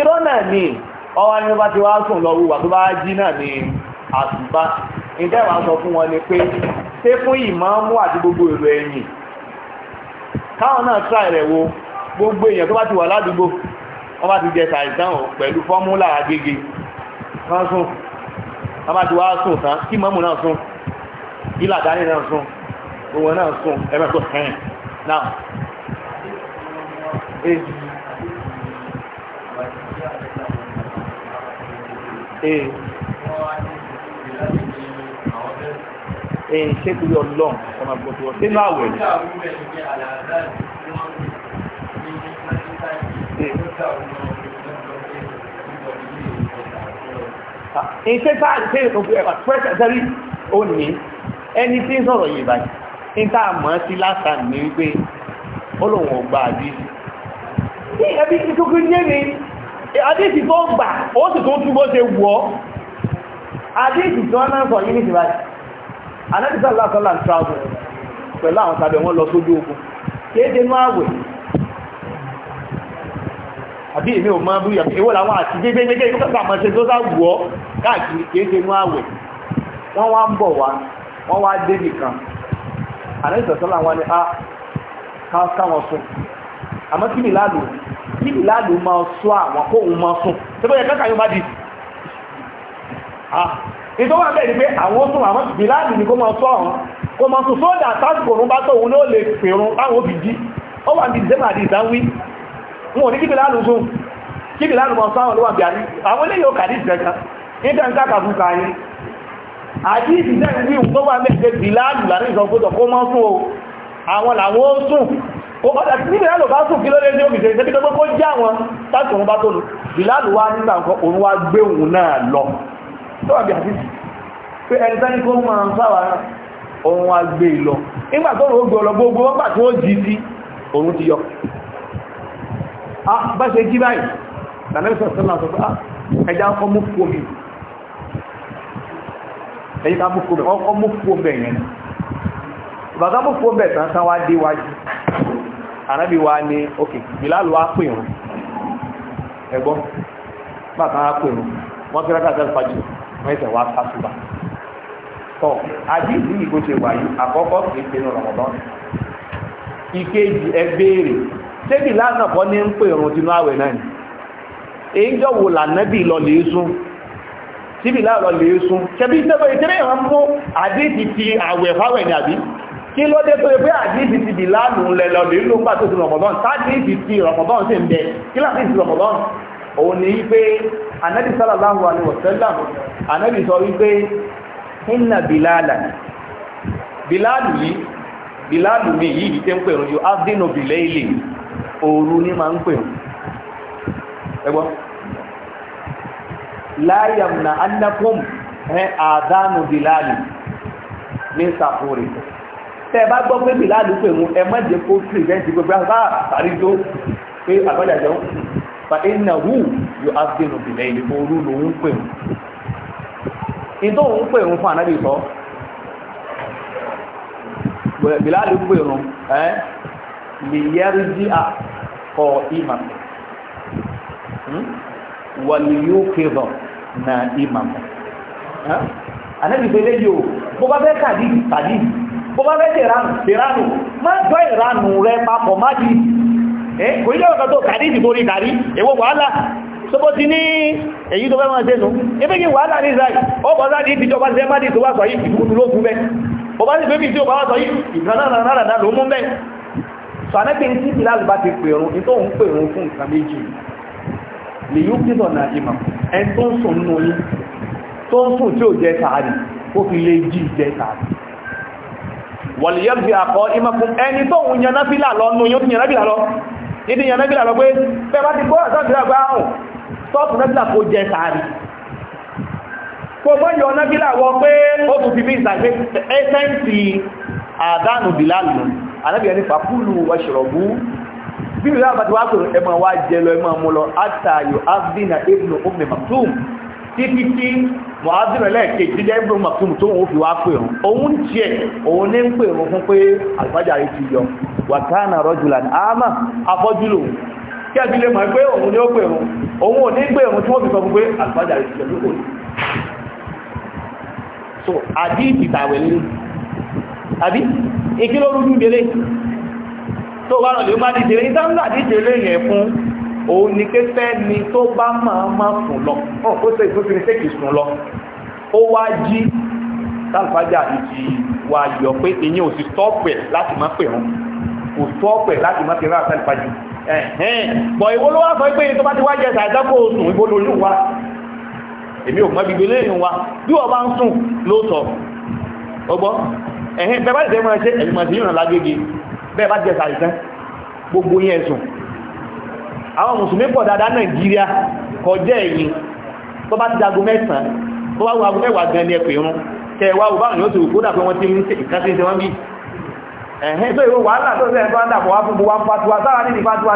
oorun ni ọwọ́ ni wọ́n bá ti wá sùn lọ ni sọ fún wọn pé ṣé fún àti gbogbo èrò ẹ̀yìn káwọn náà tíra wo gbogbo èèyàn tó bá ti wà ládùúgbò wọ́n bá ti jẹ sàìsàn pẹ̀lú fọ́múlà agége kan sùn wọ́n bá ti wá sùn tán kí mọ́mù náà sùn kí làdáni náà sùn òun náà sùn ẹ̀rọ tó sẹ́yìn náà ṣé kúrò ọlọ́run ọmọ ìgbòtò ọ̀sẹ̀ náà wẹ̀ ìṣe tá à ń ṣe ìpẹ́sẹ̀ sẹ́rí ó ní ẹni tí ń sọ̀rọ̀ yìí báyìí ń tá a mọ̀ sí lásà ní wípé ó lòun ò gba àdísì tí ẹbí ti kúkú yé ni àdísì tó gbà ó sì tó túbọ̀ ṣe wọ́ àdísì tí wọ́n náà sọ yìí nìṣẹ́ báyìí anábìsọ̀ lásán là ń travel pẹ̀lú àwọn tàbí àbí èmi ò máa bú èwo làwọn àti gbégbégbé tó kàkà máa ṣe tó sá wù ọ́ káàkiri kìí ṣe àwẹ̀ wọ́n wá ń bọ̀ wá wọ́n wá dé nìkan àlẹ́ ìsọ̀sọ́lá ah, wọn ni a káwọn sùn àmọ́ kí nìláàlú kí nìláàlú máa sọ àwọn kóhun máa sùn tó bẹ́ẹ̀ kàkà yóò má di ìtọ́ wà bẹ́ẹ̀ ni pé àwọn sùn àmọ́ bìláàlú ni kó máa sọ àwọn kó máa sùn sódà tásìkò òun bá tó òun ló wọn ní kíbìlá zoom kíbìlá mọ̀ sáwọn ló bí àní àwọn ilé yóò kàdí ìjẹta níta ń káàkà àti ìdíjẹ́ ìwé ìwọ̀n wà mẹ́fẹ́ bìlá lù kó mọ́ sún o àwọn làwọn ó sùn òun bá gbé òun náà òun e ó gbé ọlọ e gbogbo wọ́n gbà wọ́n jí sí òun ti yọ Ah, bá ṣe jí báyìí tàlẹ́sọ̀ sọ́lá sọ pé ah, ẹjá ọkọ̀ mú kú omi ẹ̀yí ká mú kú omi ọkọ̀ mú kú omi ẹ̀yẹn bàtà mú kú omi ẹ̀tàn sáwá dé wájú ànábì wa ní òkè bìláàlù wá pè wọn ẹ̀gbọ́n bàtà wá pè wọn wọ́n kí rákà sẹ́lẹ̀ fàjù wọ́n ẹ̀sẹ̀ wá pàṣùbà tọ́ àdìsí ìgbó ṣe wáyé àkọ́kọ́ kìí ṣe ní ọ̀rọ̀ ìkejì ẹgbẹ́rẹ́ tẹ́bì lánàá kọ́ ní ń pè ìrun tinú àwẹ̀ náà ni èyí jọ wò lànàbì lọ lè sún tíbì láàrọ̀ lè sún tẹ́bí tẹ́bẹ̀ ìtẹ́rẹ̀ ìwọ̀n mú àdíjì ti àwẹ̀ fáwẹ̀ ní àbí kí ló dé tó pé àdíjì ti bì lánù lẹ́lọ lè ló pàtó sí rọ̀mọ̀dán tádíjì ti rọ̀mọ̀dán sí ń bẹ kí láti sí rọ̀mọ̀dán òun ni wípé bilalu yìí bilalu mi yìí ti ń pè rún yóò abdínú bilaili òru ní máa ń pè ọ́ ẹgbọ́ láyàm na annakum ẹ àdánù bìláàlì ní sàfúrì tẹ́ bá gbọ́ pé bìláàlì pè mú ẹ má jẹ́ otu tìrì gbogbo àbá àrí tó pé àgbàjàjọ́ fa iná hù yóò áfínù bìlẹ̀ ìlú òru lòun pè pè fún ànábì sọ pè ẹ́ liyarji'a qa'iman wa liyuqidha na'iman anabi pé leyo bó bá fẹ́ kadi kadi bó bá fẹ́ teranu teranu má do iranu rẹ̀ papọ̀ má di eh ko ile kan to kadi di borí kadi èwo wàhálà so bo ti ni èyí tó fẹ́ ma ṣe nu ebe ki wàhálà ni zai o bo za di ti jo ba se ma di tó wá sọ yìí ti ku lo ku be o ba ni be bi ti ba wá sọ yìí ìgbà na na na lo mu be sọ̀nẹ́gbẹ̀ tí Bilal bá ti pèrún ní tó ń pèrún fún nǹkan méjì lè yíó kí lọ́nà ìmọ̀ ẹni tó ń sùn nínú yí tó ń sùn tí ó jẹ tààrí ó fi lè jí jẹ tààrí wọ̀lìyàbí àkọ́ ìmọ̀kún ẹni tó ń yan náfílà lọ nú yóò ti yan náfílà lọ ìdí yan náfílà lọ pé pẹ́ bá ti kó àtọ́sílà gbá àrùn tọ́ọ̀tù náfílà kó jẹ tààrí kò mọ́ yọ náfílà wọ pé ó tún fi bí anábìyàn ní fàkúlù wàṣọ̀rọ̀bù bí ìlú àbàtí wá pè ẹmọ wá jẹ lọ ẹmọ mú lọ àtàyò abdina ibnu ummi maktum títí tí muhammed lẹ́ẹ̀kejì jíjẹ ibnu maktum tó wọn fi wá pè hàn òun tiẹ̀ òun ní ń pè hàn fún pé àlùfájà yìí ti yọ wàkánà rajulan àmà afọ́jú lòun kí ẹbí lè mọ̀ pé òun ni ó pè hàn òun ò ní pè hàn tí wọ́n fi sọ fún pé àlùfájà yìí ti yọ lóko ni. so àdí ìtàwẹ̀ lé àbí ìkí ló rújú délé tó bá rọ̀lẹ́ ó bá dìtẹ̀lé ìtàmìlà dìtẹ̀lé yẹn fún òun ni pé fẹ́ni tó bá máa máa sùn lọ ọ̀ kó sẹ́ ìfún fíní tẹ́kì sùn lọ ó wá jí sálfàjà ìjì wà yọ pé ìyẹn ò sì tọ́pẹ̀ láti má pè wọn kò tọ́pẹ̀ láti má pè rán sálfàjù bọ̀ ìwọ ló wá sọ pé tó bá ti wá jẹ sàìdákò sùn ìbò lórí wa èmi ò mọ ibi gbélé wa bí ẹ̀hìn bẹ́ẹ̀ bá ti tẹ́mọ̀ ẹ̀ṣẹ́ ẹ̀yìn mọ̀sí yìnrìn lágbègbè bẹ́ẹ̀ bá gbogbo yẹn ẹ̀sùn àwọn mùsùlùmí pọ̀ dáadáa nàìjíríà kọjá ẹ̀yìn tó bá ti dago mẹ́sàn tó wá wago mẹ́wàá gan ni ẹ̀pẹ̀ irun yóò kódà pé wọ́n ti ń bí ẹ̀hìn tó wàhálà tó wá ń fatuwa sára ìfatuwa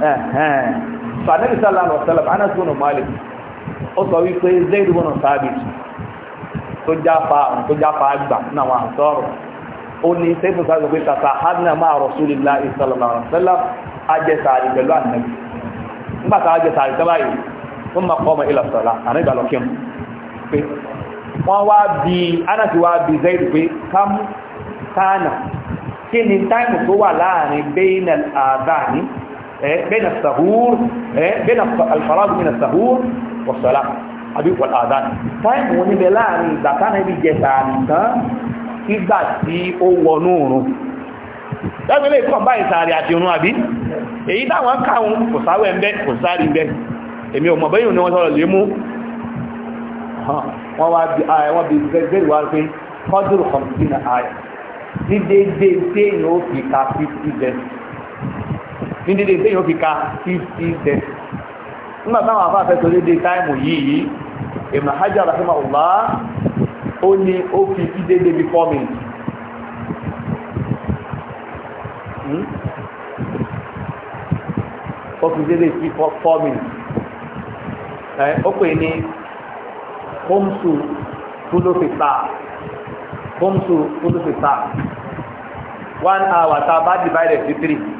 sànẹ́bí sàlá lọ sẹlẹ̀ Anas bin Malik ó sọ wípé Zayd bin Thabit tó jáfa àwọn tó jáfa àgbà náà wọn àtọ́rọ̀ ó ní sẹ́fún sáré pé tàtà hánà máa Rasulillahi sallallahu alaihi wasallam ajẹ́sàárì pẹ̀lú ànẹ́bí nígbà tá ajẹ́sàárì sábà yìí wọ́n máa kọ́ ọmọ ilẹ̀ sọ̀lá ànẹ́bí àlọ́kẹ́mu pé wọ́n wá bí Anas wá bí Zayd pé kam kánà kí ni táìmù tó wà láàrin bẹ́ẹ̀nà àdáni بين السهور بين الفراغ من السهور والصلاة àbí wọ́n àdán táìmù wọn níbẹ̀ láàrin ìgbà tánàbí jẹta nìkan ìgbà tí ó wọnú òrùn lẹ́gbẹ̀lẹ́ ìkọ̀n báyìí sàárì àti òrùn àbí èyí táwọn káwọn kò sáwẹ̀ ẹ̀mẹ́ kò sáàrí ẹ̀mẹ́ èmi ò mọ̀ bẹ́yìn ní wọ́n sọ̀rọ̀ lè mú wọ́n bí bẹ́ẹ̀ ah, wá pé kọ́dùrù kọ̀mùtínà ààrẹ ní déédéé téèyàn ó fi ka 50 bẹ́ẹ̀ ní dédé tí yóò fi ka fifty cents nígbà táwọn afá fẹ́ sọ dédé táìmù yìí Ibn Hajar rahimahullah ó ní ó fi sí dédé bí four minutes hmm? ó fi dédé sí four minutes ó pè ní kóńsù kúlófìtà kóńsù kúlófìtà one hour tá a bá divide it by three.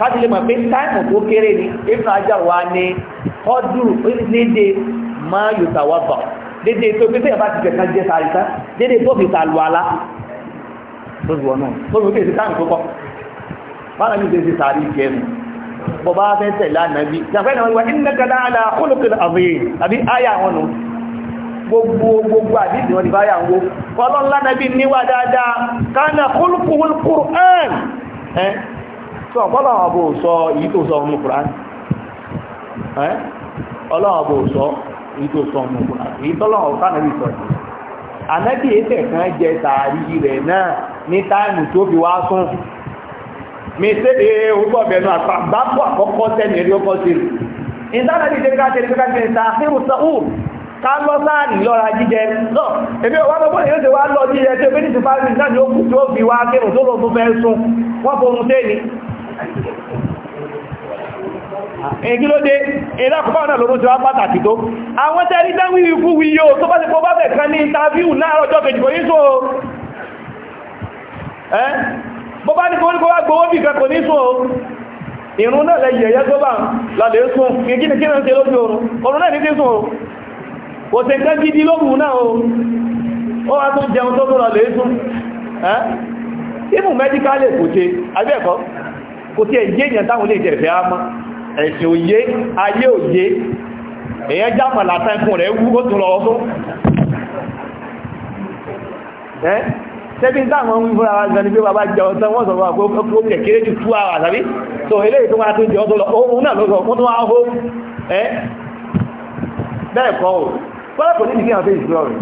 káti lè mọ̀ pé táìmù tó kéré ni Ibn Hajar wá ní ọdún léde máa yòtà wà bà léde tó pé tẹ́yà bá ti jẹ̀ka jẹ́ sáré tán léde tó fi ta lu ala tó fi wọnú tó fi kéde táìmù tó kọ́ bára mi ṣe sáré jẹ́ mu bọ́ bá fẹ́ tẹ̀lé ànábi ṣàfẹ́ náà wọ́n iná gada ala olùkọ́lù àfihàn àbí àyà wọn àdídì wọn ni báyà ń wo fọlọ́ńlá nàbí níwà dáadáa kánà kúlùkùlù kùrù sọ ọ̀pọ̀lọ̀ ọ̀bọ̀ sọ èyí tó sọ ọmọ kùrán ẹ́ ọlọ́wọ́ bò sọ èyí tó sọ ọmọ kùrán èyí tọ́lọ́wọ́ kánàbì sọ ètẹ̀ kan jẹ tààrí rẹ̀ náà ní táìmù tó fi wá sùn mi séde orúkọ bẹ̀rù àgbàpọ̀ àkọ́kọ́ sẹ́ni ẹ̀rí ọkọ̀ sí rẹ̀ ìtànàbì ṣe ká ṣe ká ṣe ta fíru sahur ká lọ sáàrì lọ́ra jíjẹ náà èmi ò wá lọ bọ́ọ̀lù yóò ṣe wá lọ jíjẹ tí o bí ní èyí ló dé eré àkọ́kọ́ náà lóòrùn tí wá pàtàkì tó àwọn tẹ́rí tẹ́wì ikú wí yóò tó bá ti kó bá bẹ̀ kan ní ìntàfíù láàárọ̀ ọjọ́ kejì kò ní sọ ẹ́ bó bá ní kó ní kó wá gbówó bì kan kò ní sọ ìrún náà lẹ́yìn ẹ̀yẹ́ tó bá lọ́dẹ̀ sùn kí kí ní ṣe lóbi oorun oorun náà ní sí sùn kò sí nǹkan gidi o ó wá tún jẹun tó tó lọ́dẹ̀ sùn ẹ́ ibù mẹ́díkálẹ̀ kò ṣe kò tí ẹ̀yẹ́ èèyàn táwọn olè ìjẹ̀fẹ́ àmọ́ ẹ̀sìn òye ayé òye èèyàn jámà látà ẹkùn rẹ̀ wú ó tún lọ ọdún ẹ́ tẹ́bí táwọn ń fún ara gan ni pé bàbá jẹun tán wọ́n sọ̀rọ̀ àpò ó tẹ̀ kéré jù two hours àbí so eléyìí tó máa tún jẹun tó lọ òun náà ló sọ fún tó wá hó ẹ́ bẹ́ẹ̀ kọ́ ò fọ́lá kò ní ìdíkẹ́ àwọn fèsì lọ́rùn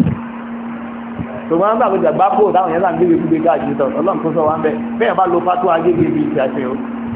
ṣùgbọ́n nígbà tó jàgbá kó táwọn yẹn láǹgbé gbé káàkiri tọ̀ ọlọ́run tó sọ wá ń bẹ́ẹ̀ bẹ́ẹ̀ bá lo fátó agége bíi ti àṣẹ o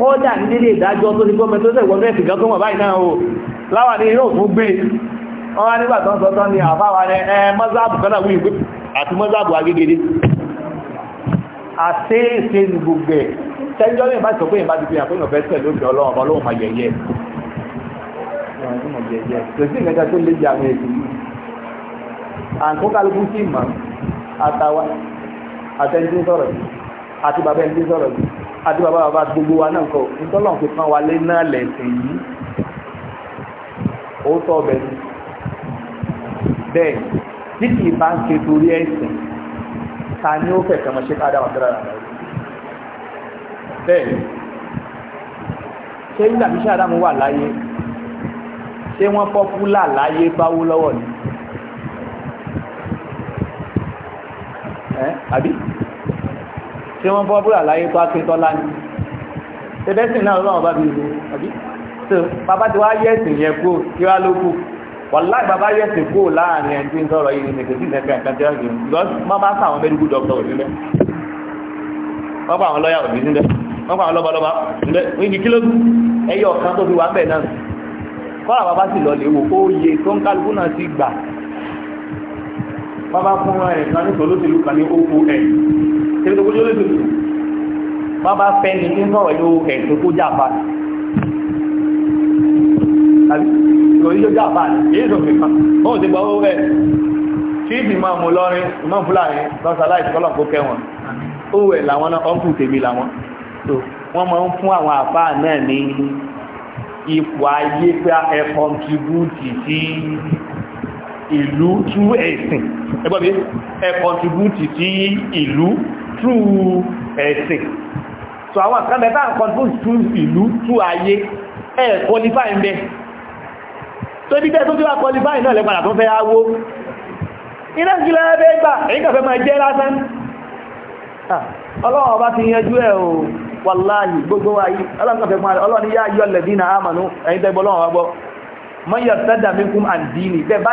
kọ́dà nílé ìdájọ́ tó ti gọ́mẹ̀ tó tẹ̀wọ́n mẹ́fì gan tó wọ̀n báyìí náà o láwà ní inú òfin gbé wọ́n wá nígbà tán sọ́tọ́ ni àfáwà rẹ̀ ẹ mọ́sáàbù kan náà wíwí àti mọ́sáàbù agégede àti ṣe ní gbogbo ẹ̀ tẹ́jọ́ ní ìbá sọ pé ìbá ti fi àpéyàn fẹ́ tẹ̀ lókè ọlọ́run ọba ọlọ́run ayẹyẹ kò sí ìgbẹ́ta tó lé jàmù èsì àǹkókálukú sí ìmọ̀ àtàwà àtẹnudí sọ̀rọ̀ àti bàbá ẹni sọ̀rọ̀ yìí àti bàbá bàbá gbogbo wa náà kọ ìtọ́lọ̀ fi pán wa lé náà lẹ̀sìn yìí ó tọ́ ọbẹ̀ ni bẹ́ẹ̀ tí kì í bá ń ṣe torí ẹ̀sìn ta ni ó fẹ̀ kàmọ́ ṣe káàdà wàtí rárá bẹ́ẹ̀ ṣé nígbà tí ṣé wà láyé ṣé wọ́n pọ́pùlà láyé báwó lọ́wọ́ ni àbí tí wọ́n bọ́ búrà láyé tó akíntọ́lá ni tẹ́bẹ́sìn náà lọ́wọ́ bá mi lò àbí tó bàbá tí wàá yẹ̀sìn yẹn kú kí wàá ló kù wàláì bàbá yẹ̀sìn kú láàrin ẹni tí ń sọ̀rọ̀ yìí nìkan sí nìkan kan tí wọ́n kì í lọ má bá sá àwọn mẹ́díkù dọ́kítọ̀ òní bẹ́ wọ́n pa àwọn lọ́yà òní níbẹ̀ wọ́n pa àwọn lọ́balọ́ba níbẹ̀ níbi kí ló dùn ẹyẹ ọ̀kan tó fi sì ń gbà bàbá fún ẹ̀ka nítorí ó ti lù kàn ní ó kú ṣe tó kójú lóṣù bá bá fẹ́ ní tí ń sọ̀rọ̀ yóò ẹ̀sùn kó jàmbá kò yíò jàmbá èyí tó fi kan ó ti gbọ́ rẹ̀ tí ìbí máa mú lọ́rin ìmọ̀ fúlàní ìlú tú ẹ̀sìn ẹgbọ́n mi ẹ kọ́ntribútì sí ìlú true ẹ̀sìn so àwọn kan bẹ tá ń confuse through ìlú through ayé ẹ̀ qualify ń bẹ tó ní bẹ́ẹ̀ tó fi wá qualify náà lẹ́gbàdà tó fẹ́ awó iná sí lẹ́ẹ̀bẹ́ gbà èyí kàfẹ́ máa jẹ́ lásán ọlọ́run ọba ti yanjú ẹ̀ o wàláhì gbogbo wa yìí ọlọ́run kàfẹ́ máa ọlọ́run yá yọ lẹ̀dí na àmànú ẹ̀yìn tẹ́gbọ́ ọlọ́run ọba gbọ́ mọ́yà sádà minkum àdínì tẹ́ bá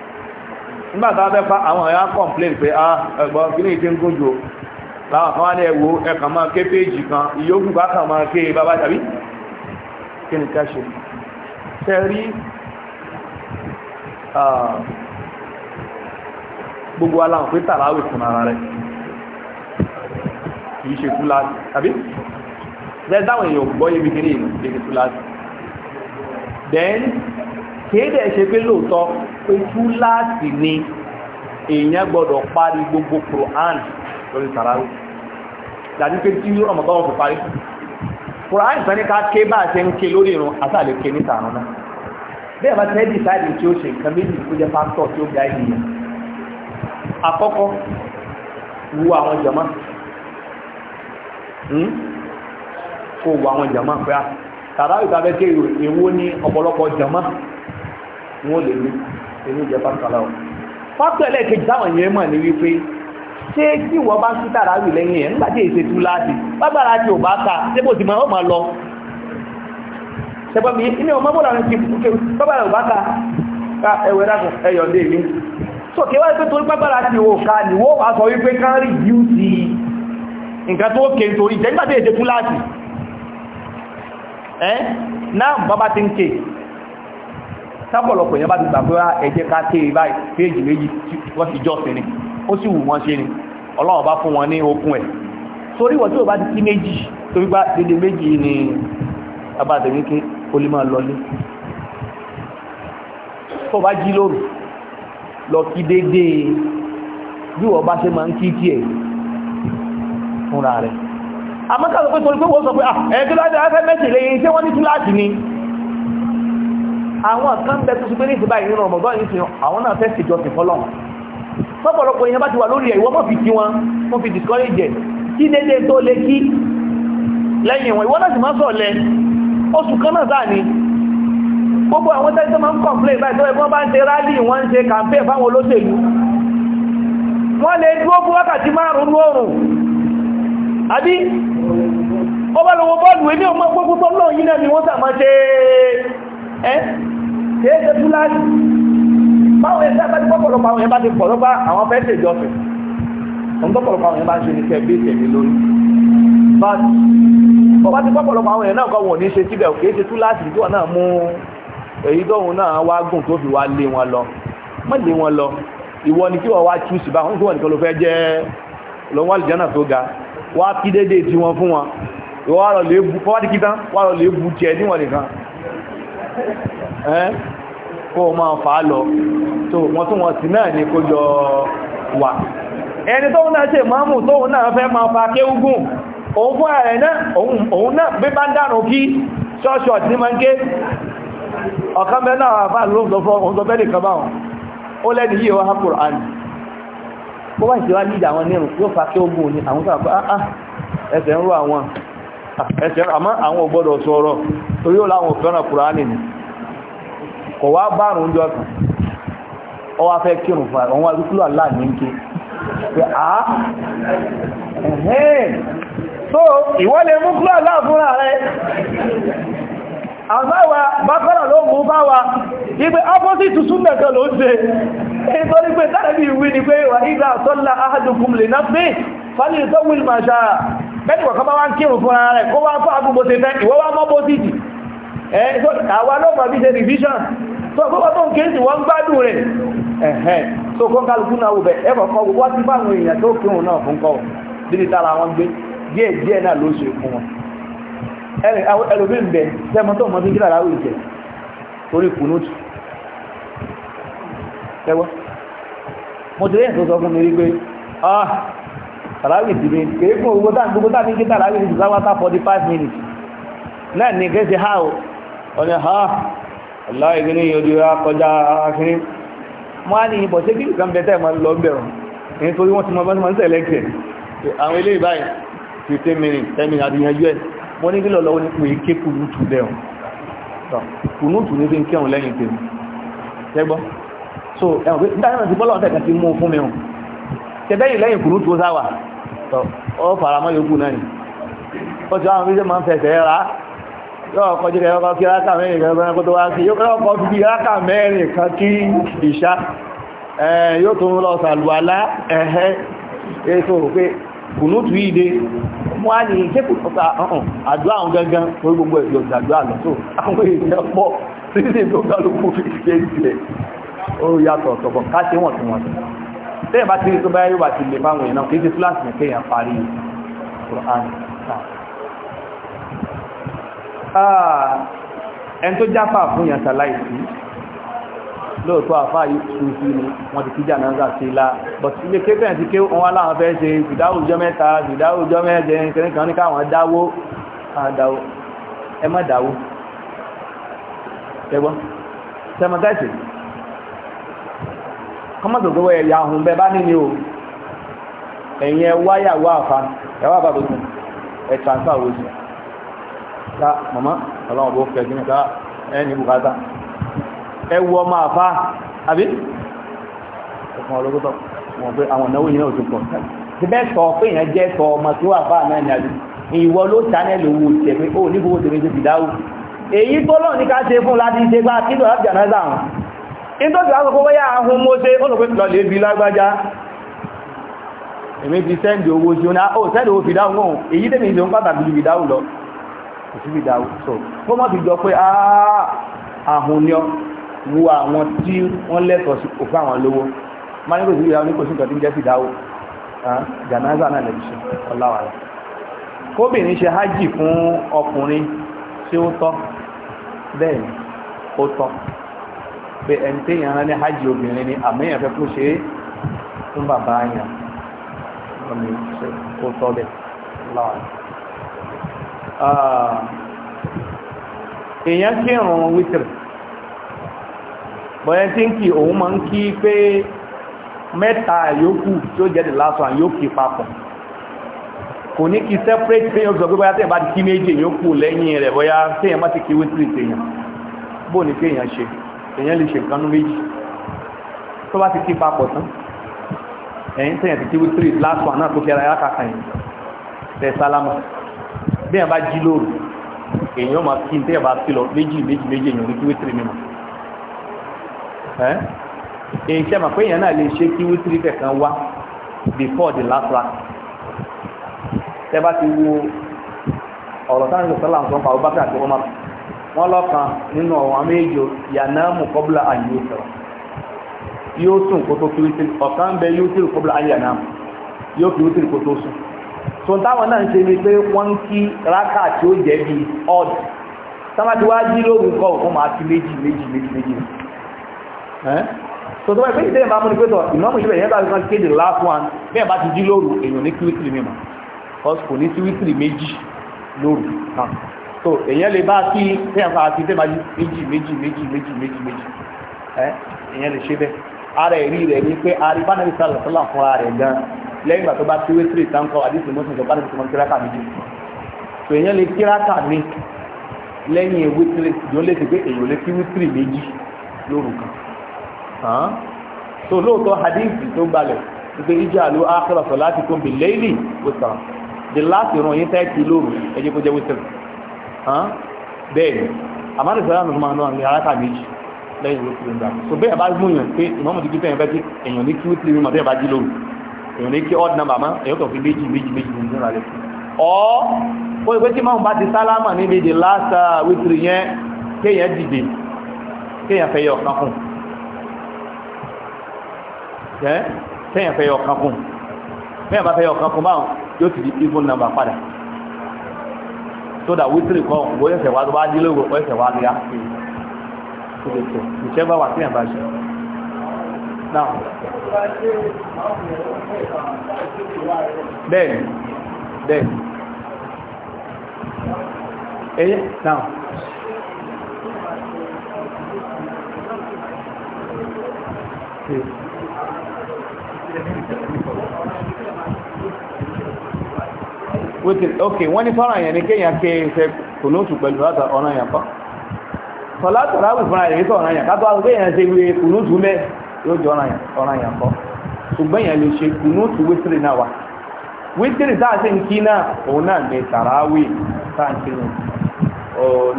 nígbàtà bẹ́ pa àwọn ẹ̀yà complain pé a ah, ẹgbọ́n kí ní ìtí ń gún jù láwọn kan wá ní ẹwò ẹkàn máa ké péjì kan ìyókù bá kàn máa ké bàbá tàbí kí ni ká ṣe gbogbo aláwọ̀ pé tàràwì fún ara rẹ̀ kìí ṣe fúláàtì tàbí lẹ́dáwọn èèyàn gbọ́ yé then e ṣe pé lóòótọ́ pé lati ni èèyàn gbọ́dọ̀ parí gbogbo Quran lórí tàràwì dàbí pé tí ọmọdé wọn fi parí Quran sọ ní ká ké bá ṣe ń ké lórí irun àtàlẹ́ ké ní tààrùn náà bẹ́ẹ̀ bá tẹ́lẹ̀ ìsáàdì tí ó ṣe nǹkan méjì tó jẹ́ pásítọ̀ tí ó ènìyàn àkọ́kọ́ wu àwọn jama. Hmm? kò wu àwọn jama pé ah, tàbí ké ní wọ́n lè ní èmi jẹ́ pásítọ̀lá o pásítọ̀ ẹlẹ́ẹ̀kejì táwọn yẹn mọ̀ ní wípé ṣé tí wọ́n bá ń sí lẹ́yìn ẹ̀ nígbà tí èsè tú láti bágbára tí ò bá ta ṣé bó máa lọ mi inú ọmọ bọ́lá ti bágbára ò bá ta ká ẹwẹ́ ẹyọ̀ mi kí tí ò ká ni wọ́n wá sọ wípé ká rí sábọ̀lọpọ̀ yẹn bá ti gbàgbé wá ah, ẹ̀jẹ̀ ká tẹ́ ẹ e báyìí péjì méjì wọ́n ti jọ́ sí ni ó sì wù wọ́n ṣe ni ọlọ́run bá fún wọn ní okun ẹ̀ torí wọ́n tí ò bá ti kí méjì torí gbá dédé méjì ni abáàtẹ̀mí kí ó lè máa lọlé tó bá jí lóru lọ kí dédé bí wọ́n bá ṣe máa ń kí kí ẹ̀ fúnra rẹ̀ àmọ́kà sọ pé wọ́n sọ pé ẹ̀ẹ́dẹ́gbẹ́ta ẹ̀fẹ́ méjì lẹ́yìn tí wọ́n ní túláàtì ni àwọn kan bẹ tó súnpé ní ìsìnbá ìrìnà ọmọdọ́ yìí fi àwọn náà fẹ́ ṣèjọ sí fọ́lọ́wọ́ sọ́pọ̀lọpọ̀ èèyàn bá ti wà lórí ẹ̀ ìwọ́n mọ̀ fi kí wọn wọ́n fi discourage kí dédé tó lé kí lẹ́yìn wọn ìwọ́n náà sì máa sọ̀ lẹ oṣù kan náà sáà ni gbogbo àwọn tẹ́tẹ́ máa ń complain báyìí tó ẹgbọ́n bá ń ṣe rally wọ́n ń ṣe campaign fáwọn olóṣèlú wọ́n lè dúró fún wákàtí márùn-ún oòrùn àbí ọba lọ́wọ́ bọ́ọ̀lù èmi ò mọ́ gbogbo tọ́lọ́ yìí náà ni wọ́n sàmọ́ ṣe ẹ́ kìí ṣe túláàsì báwọn ẹgbẹ́ bá ti pọ̀pọ̀lọpọ̀ àwọn yẹn bá ti pọ̀ lọ́pá àwọn fẹ́ ṣe ìjọsìn òun pọ̀pọ̀lọpọ̀ àwọn yẹn bá ń ṣe ní kẹbí tèmi lórí but bọ́bá ti pọ̀pọ̀lọpọ̀ àwọn yẹn náà kọ́ wọn ò ní ṣe síbẹ̀ kìí ṣe túláàsì tí wọn náà mú èyí tóun náà wá gùn tó fi wá lé wọn lọ má lé wọn lọ ìwọ ni kí wọ́n wá tú sí báwọn tí wọ́n nìkan ló fẹ́ kó o máa fà lọ tó wọ́n tún wọ́n sí náà ní kó jọ wà ẹni tó náà ṣe mọ́mù tó náà fẹ́ máa fa kéúgùn òun fún ààrẹ náà òun náà bí bá ń dárùn kí ṣọ́ṣọ́ tí ma ń ké ọ̀kan náà wà ló (laughs) ẹsẹ̀ àmọ́ àwọn ògbọ́dọ̀ sọ̀rọ̀ torí ó láwọn òfẹ́ràn kùránì ni kọ̀ wá bárùn ún jọ́sàn ọ fẹ́ kírun fún àwọn alúkúlọ̀ aláàní pé à ẹ̀hẹ́n so ìwọ́ lè mú rẹ̀ àbáwa bákọ́rọ̀ ló mú bá wa ipé bẹ́ẹ̀ni kọ̀ọ̀kan bá wá ń kírun fún ara rẹ̀ kó wá fún agbógbó ṣe fẹ́ ìwọ́ wá mọ́ bóṣìdì ẹ̀ àwa ló mọ̀ bí ṣe revision so gbogbo tó ń kí sí wọ́n gbádùn rẹ̀ ẹ̀hẹ́ so kọ́ kálukú náà wò bẹ̀ ẹ kọ̀ọ̀kan wò wá sí fáwọn èèyàn tó kírun náà fún kọ́ níbi tára wọn gbé díẹ̀ díẹ̀ náà ló ṣe fún wọn bẹ tó kílára jẹ torí ẹwọ́ mo ti rí sọ fún mi rí pé ah tàràwì ti ní kéékùn gbogbo tá gbogbo tá ní kí tàràwì ti sáwá tá forty five minutes náà ní kéèsì ha o ọ̀nà ha ọ̀lá ìgbéni yọjú akọjá akíní mo á ní ibọ̀ ṣé kí nǹkan bẹ tẹ́ ẹ̀ máa lọ bẹ̀rù nítorí wọ́n ti mọ bá ti máa ń tẹ̀lé ẹ̀kẹ́ àwọn ilé ìbáyìí fifteen minutes ten minutes àti ìyẹn us mo ní kí lọ ní pé ké kùnútù bẹ̀rù kùnútù ní fi ń kẹ́hùn lẹ́yìn tèmi ṣẹ́gbọ́ so ẹ̀wọ̀n pé nígbà náà ti bọ́lọ̀ ọ̀tẹ̀ kan ti mú fún mi hàn tẹ̀bẹ́yìn lẹ́yìn kùnútù ó sáwà tọ́ ọ faramọ́ yòókù náà ni ó ti àwọn fíjẹ́ máa ń fẹsẹ̀ ra yóò kọjú kẹ́ ọkọ̀ kí ráka mẹ́rin kan fẹ́ràn kó tó wá sí yóò kọ́ fi ráka mẹ́rin kan kí ìṣá yóò tó ń lọ sàlùwàlá ẹ̀hẹ́ èso pé kùnútù ìdè wọ́n á ní ìkékù ọ̀tà ọ̀hún àdúrà àwọn gangan orí gbogbo ẹ̀yọ̀ ìdàdúrà lọ tó tẹ́yìn bá ti rí tó bá yóò bá ti lè fáwọn èèyàn náà kì í ti fúláṣì ní kéèyàn parí Quran ah, ẹni tó jáfà fún yàn sàláìsí lóòótọ́ àfáà yìí ṣùgbọ́n ní wọ́n ti kíjà náà sí ilá but ilé kéfẹ́ ti ké wọn aláwọn fẹ́ ṣe ìdáwòjọ́ mẹ́ta ìdáwòjọ́ mẹ́jẹ ìkẹrìnkan ní káwọn dáwó àdáwó ẹ má dáwó ẹgbọ́n tẹmọtẹ́sì kọ́mọ̀tòtò wẹ̀ ẹ̀yà ọ̀hún bẹ́ẹ̀ bá níní o ẹ̀yìn ẹ wáyà wá àfa ẹ wá bàbá tuntun ẹ transfer owó sí ká màmá ọlọ́run bó fẹ́ gíní ká ẹ ní bùkátà ẹ wọ ọmọ àfa àbí ẹ̀fọn ọlọ́gọ́tọ̀ wọn pé àwọn ìnáwó yìí náà ti pọ̀ ti bẹ́ẹ̀ sọ pé ìyẹn jẹ́ sọ ọmọ tí wọ́n àfa náà ní àbí ìwọ ló sànẹ́lì owó tẹ̀mí ó níbo tẹ̀mí ti fi dáwó èyí tó lọ́ọ̀ ní ká ṣe fún láti ṣe gbá kí lọ́ọ̀ ìtọ́jú àwọn ọkọ̀ wáyà ahun mọ́sẹ́ olùpẹ́tìlọ lè bí lágbájá èmi fi sẹ́ndì owó sí ah, oná oh, ó sẹ́ndì owó fìdáhùn náà èyí tẹ́mi ìlú ń pàtàkì ju fìdáhùn lọ kò sí fìdáhùn sọ kó mọ́ fi jọ pé ah, ahun ni wo àwọn tí wọ́n lẹ́tọ̀ọ́ sí òfin àwọn lówó má ní kò sí fìdáhùn ní kò sí nǹkan tí ń jẹ́ fìdáhùn ah, jànáza náà lè ṣe ọláwàlá kóbìnrin ṣe hájì fún ọkùnrin tí ó pé ẹni téèyàn rán ní hajj obìnrin ni àmọ́ èèyàn fẹ́ kó ṣe é fún bàbá yẹn ọmọ ìṣe kó tọ́ bẹ̀ láwọn. èèyàn kírun wítìrì bọ́yẹ́ tí ń kí òun máa ń kí pé mẹ́ta yòókù tí ó jẹ́ the last one yóò kí papọ̀ kò ní kí separate pé yóò sọ pé bóyá tẹ́yìn bá ti kí méjì yóò kù lẹ́yìn rẹ̀ bóyá tẹ́yìn bá ti kí wítìrì tẹ́yìn bóò ní pé èèyàn ṣe èèyàn lè ṣe nǹkan nú méjì tó bá ti kí papọ̀ tán ẹ̀yìn tẹ̀yìn ti kí wítírì last one náà tó kẹ́ra yàrá kàkà yìí tẹ̀ sálámà bí ẹ̀ bá jí lóru èèyàn máa kí ní tẹ̀yìn bá sí lọ méjì méjì méjì èèyàn ní kí wítírì mímọ́ ẹ̀ èyí tẹ́ mà pé èèyàn náà lè ṣe kí wítírì kẹ̀kan wá before the last one tẹ́ bá ti wo ọ̀rọ̀ táwọn ìṣẹ̀lẹ̀ sọ́lá nǹkan pa ọ wọ́n lọ́kàn nínú ọ̀wọ́n àméjò yànáàmù kọ́bùlà àyè òsèrò yóò sùn kó tó fi wítìrì ọ̀kan ń bẹ yóò tìrì kọ́bùlà àyè yànáàmù yóò fi wítìrì kó tó sùn so táwọn náà ń ṣe ni pé wọ́n ń kí rákà tí ó jẹ́ bíi ọ̀d sábàtí wá jí lóògùn kọ́ òkú máa ti méjì méjì méjì méjì so tó wáyé pé ìdẹ́yìn bá mú ni pé tọ̀ ìmọ̀mù ìṣẹ̀lẹ̀ yẹn bá fi kan kéde last one bẹ́ẹ̀ bá ti jí lóòrùn èèyàn ní kí wítìrì mímọ́ kò ní sí wítìrì méjì lóòrùn náà so èyàn lè bá kí fẹ́ǹfà àti fẹ́ méjì méjì méjì méjì méjì méjì èyàn lè ṣe bẹ́ẹ̀ ara ẹ̀rí rẹ̀ ni pé arìbánàbí sálà sálà fún ara rẹ̀ gan lẹ́yìn ìgbà tó bá kí wétírì táǹkọ́ àdísìn mọ́sùn ìjọba ní ìsìnkú kíráka méjì so èyàn lè kíráka mi lẹ́yìn wétírì yóò lè ti pé èyàn lè kí wétírì méjì lóru kan so lóòótọ́ hadithi tó gbalẹ̀ pé ìjà ló ákọ̀rọ̀ sọ láti kó bìlẹ́ẹ̀lì wòsàn the last ìrun yín fẹ́ kí lóru ẹ̀jẹ̀ kó jẹ́ wétírì bẹ́ẹ̀ni àmàdé sọ́lá mi fún máa ń lọ́wọ́ ní aráka méjì lẹ́yìn ló kúrò ń gbà so bẹ́ẹ̀ bá gún yàn pé ìmọ̀mù ti kíkẹ́ yẹn fẹ́ kí èèyàn ní kí ó tiri mọ̀ bẹ́ẹ̀ bá jí lóru èèyàn ní kí odd number mọ́ èèyàn kàn fi méjì méjì méjì ní ìlú rẹ̀ ọ́ ó ìwé tí máa ń bá ti sálámà ní méje last uh, wítìrì yẹn kéèyàn dìde kéèyàn fẹ́ yọ ọ̀kan kùn kéèyàn fẹ́ yọ ọ̀kan kùn bẹ́ẹ̀ bá fẹ́ yọ ọ̀kan báwọn yóò ti di even number padà so that wítìrì kan kò yẹ̀sẹ̀ wá tó bá dí lóògùn kò yẹ̀sẹ̀ wá ní á ìṣẹ́ bá wà sí ẹ̀bá ṣe náà bẹ́ẹ̀ni bẹ́ẹ̀ni ẹ̀yẹ́ náà Thank you. wítìrì ok wọ́n ní fọ́nà yẹn ni kéèyàn ké ṣe kùnúùtù pẹ̀lú láta ọ̀nà yẹn pa sọlá tọ̀lá wù fúnra yẹn sọ ọ̀nà yẹn ká tó wá kéèyàn ṣe wí kùnúùtù mẹ́ yóò jọ ọ̀nà yẹn kọ́ ṣùgbọ́n yẹn lè ṣe kùnúùtù wítìrì náà wà wítìrì tá a ṣe ń kí náà òun náà lè tàràwì tá a ń kí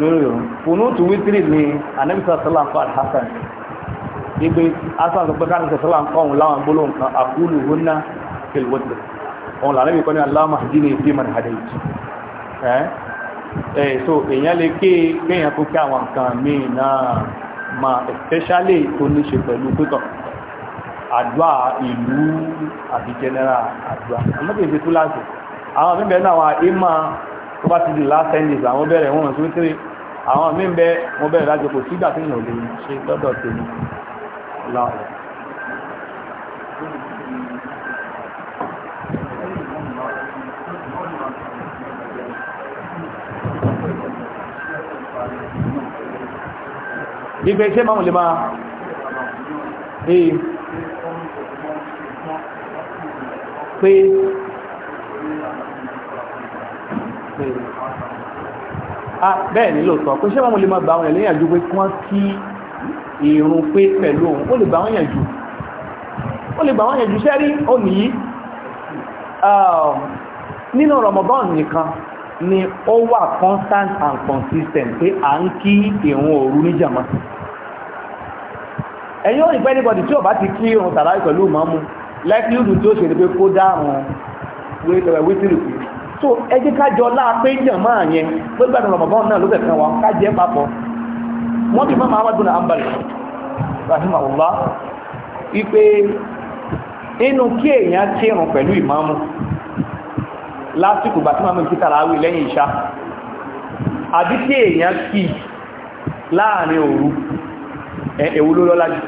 lórí òun kùnúùtù wítìrì ni anamisa sọlá fún alhassan ibi asan sọ pé káàdì sọlá ń kọ́ òun láwọn gbólóhùn kan àkúlù òun lànà ìkọ́ni Allahumma hdini fi man hadayt ẹ̀ so èèyàn lè ké kéèyàn tó kí àwọn nǹkan míì náà ma especially tó ní ṣe pẹ̀lú pẹ́tọ̀ àdúrà ìlú àbí general àdúrà àmọ́kè ìṣe túláàsì àwọn mímbẹ̀ náà wà ìmọ̀ tó bá ti di last ten days àwọn bẹ̀rẹ̀ wọn sí tírì àwọn mímbẹ̀ wọn bẹ̀rẹ̀ láti kò sígbà tí èèyàn lè ṣe lọ́dọ̀ tèmi láàrẹ̀ ìfẹ́ iṣẹ́ máa lè máa ee pé bẹ́ẹ̀ ni lóòtọ́ pé iṣẹ́ máa lè máa bá àwọn ẹ̀lẹ́yìn àjú pé kí wọ́n kí ìrun pé pẹ̀lú òun ó lè bá wọ́n yànjú ó lè bá wọ́n yànjú sẹ́rí ó nìyí nínú Ramadan nìkan ni ó wà constant and consistent pé à ń kí ìrun òru ní jàmáà ẹ̀yin òyìnbó anybody tí ò bá ti kí irun tàrà pẹ̀lú mọ́mú láìpẹ́ yóò dùn tí ó ṣe ni pé kó dáhùn wítìrì pé so ẹ jẹ́ ká jọ láàpé yàn máa yẹn pé gbàdúrà rọmọbọ́n náà ló bẹ̀ kan wa ká jẹ́ papọ̀ wọ́n ti mọ́mọ́ àwọn dùnà àǹbalẹ̀ rahimahullah ipe inú kí èèyàn kírun pẹ̀lú ìmáàmù lásìkò gbà tí mọ́mọ́ ìkítà láwí lẹ́yìn ìṣá àbí kí èèyàn kí láàrin òru Ewu ló lọ́lá jù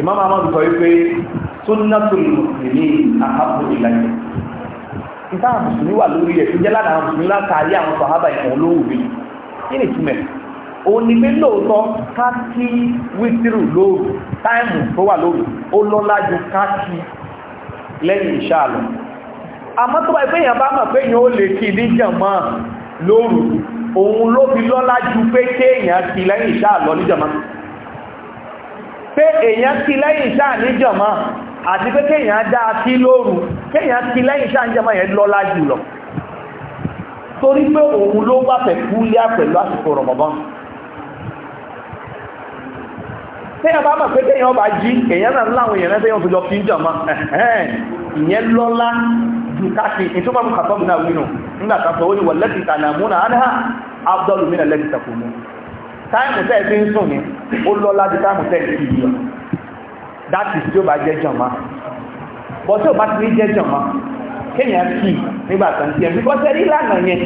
Imam Ahmad sọ wípé sunnatul muslimin ahabbu ilayya nígbà mùsùlùmí wà lórí ẹ̀ tó àwọn olówó kí ni pé wítírù lóòrù táìmù tó wà lóòrù ó lọ́lá ju ká lẹ́yìn ìṣà lọ àmọ́ tó bá ẹgbẹ́ yẹn bá mọ̀ pé yẹn òun ló fi lọ́lá ju pé kéèyàn ti lẹ́yìn ìṣá lọ níjọ̀mọ́ pé èèyàn ti lẹ́yìn ìṣá níjọ̀mọ́ àti pé kéèyàn dáa kí lóru ti lẹ́yìn ìṣá níjọ̀mọ́ yẹn lọ́lá jù lọ torí pé òun ló wà lé pẹ̀lú àsìkò rọ̀mọ̀bọ́n bá mọ̀ pé bá jí náà láwọn èèyàn fi lọ ìyẹn lọ́lá ju káàkiri náà wínú ó ní wọ̀lẹ́tì afdọ́lù mí náà lẹ́bi tẹ̀kù mú táìmù tẹ́ fi ń sùn ní ó lọ́lá di táìmù tẹ́ kì í lọ dáàtì tí ó bá jẹ́ jọ̀mọ́ bọ́ tí ó bá ti ní jẹ́ jọ̀mọ́ kéèyàn kì í nígbà kan tiẹ̀ bí bọ́sẹ̀ rí lánàá yẹn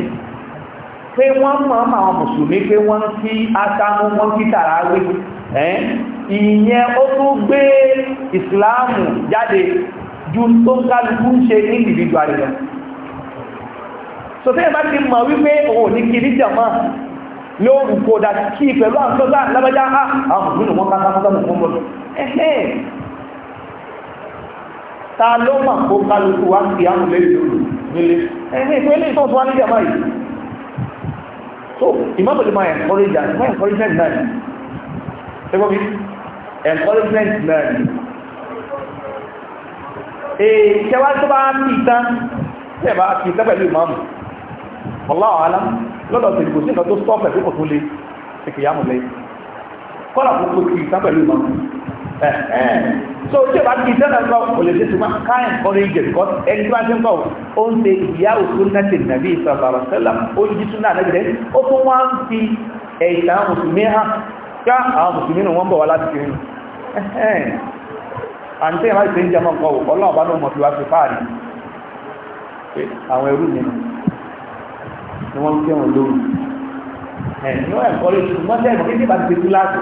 pé wọ́n mọ̀ ọ́n àwọn mùsùlùmí pé wọ́n kí ásámú wọ́n kí tàràwé ìyẹn ó tún gbé ìsìláàmù jáde ju tó ń kálukú ń so tẹ́yẹ̀ bá ti mọ̀ wípé òun ní kí ní jàmá lóòrùn kò dà kí pẹ̀lú àtọ́sá lábẹ́já á àwọn òmìnà wọn kásákásá mọ̀ mọ́ ẹ̀hẹ́ ta ló mà kó kálukú wá sí àwọn lẹ́yìn lóòrùn nílé ẹ̀hẹ́ ìfẹ́ ilé ìtọ́sọ́ wá ní jàmá yìí so ìmọ̀tò lè máa encourage and máa encouragement náà ni ṣẹ́gbọ́n mi encouragement náà ni èè tẹ́wàá tó bá ti tán tẹ́wàá ti tán pẹ̀lú ìmọ̀mù ọláwọ̀ alá lọ́dọ̀ tèmi kò sí nǹkan tó sọ́ọ̀fẹ̀ tó kò tó le ṣe kìyà mọ̀ lẹ́yìn kọ́là kò tó kì í sá pẹ̀lú ìmọ̀ ẹ̀ ẹ̀ so tí o bá kì í sẹ́nà sọ o lè ṣe tuma ká ẹ̀kọ́rin jẹ̀ kọ́ ẹni tí wọ́n ti ń kọ́ o ń ṣe ìyá òkú nàti nàbí ìsàbàrà sẹ́là ó yí tún náà nàbí rẹ̀ ó tún wá ń fi ẹ̀sà mùsùlùmí hàn ká àwọn mùsùlùmí nù wọ́n bọ̀ wá láti kiri àǹtí ẹ̀ má ti ń jẹ́ mọ́ nǹkan ọlọ́run bá ló mọ̀ fi wá fi fáàrí àwọn ẹrú mi ni wọ́n ń kírun lóru ẹ̀ ní wọ́n ẹ̀kọ́rẹ́jì mọ́tẹ́ ẹ̀kọ́ kéde bá ti ṣe kíláàsì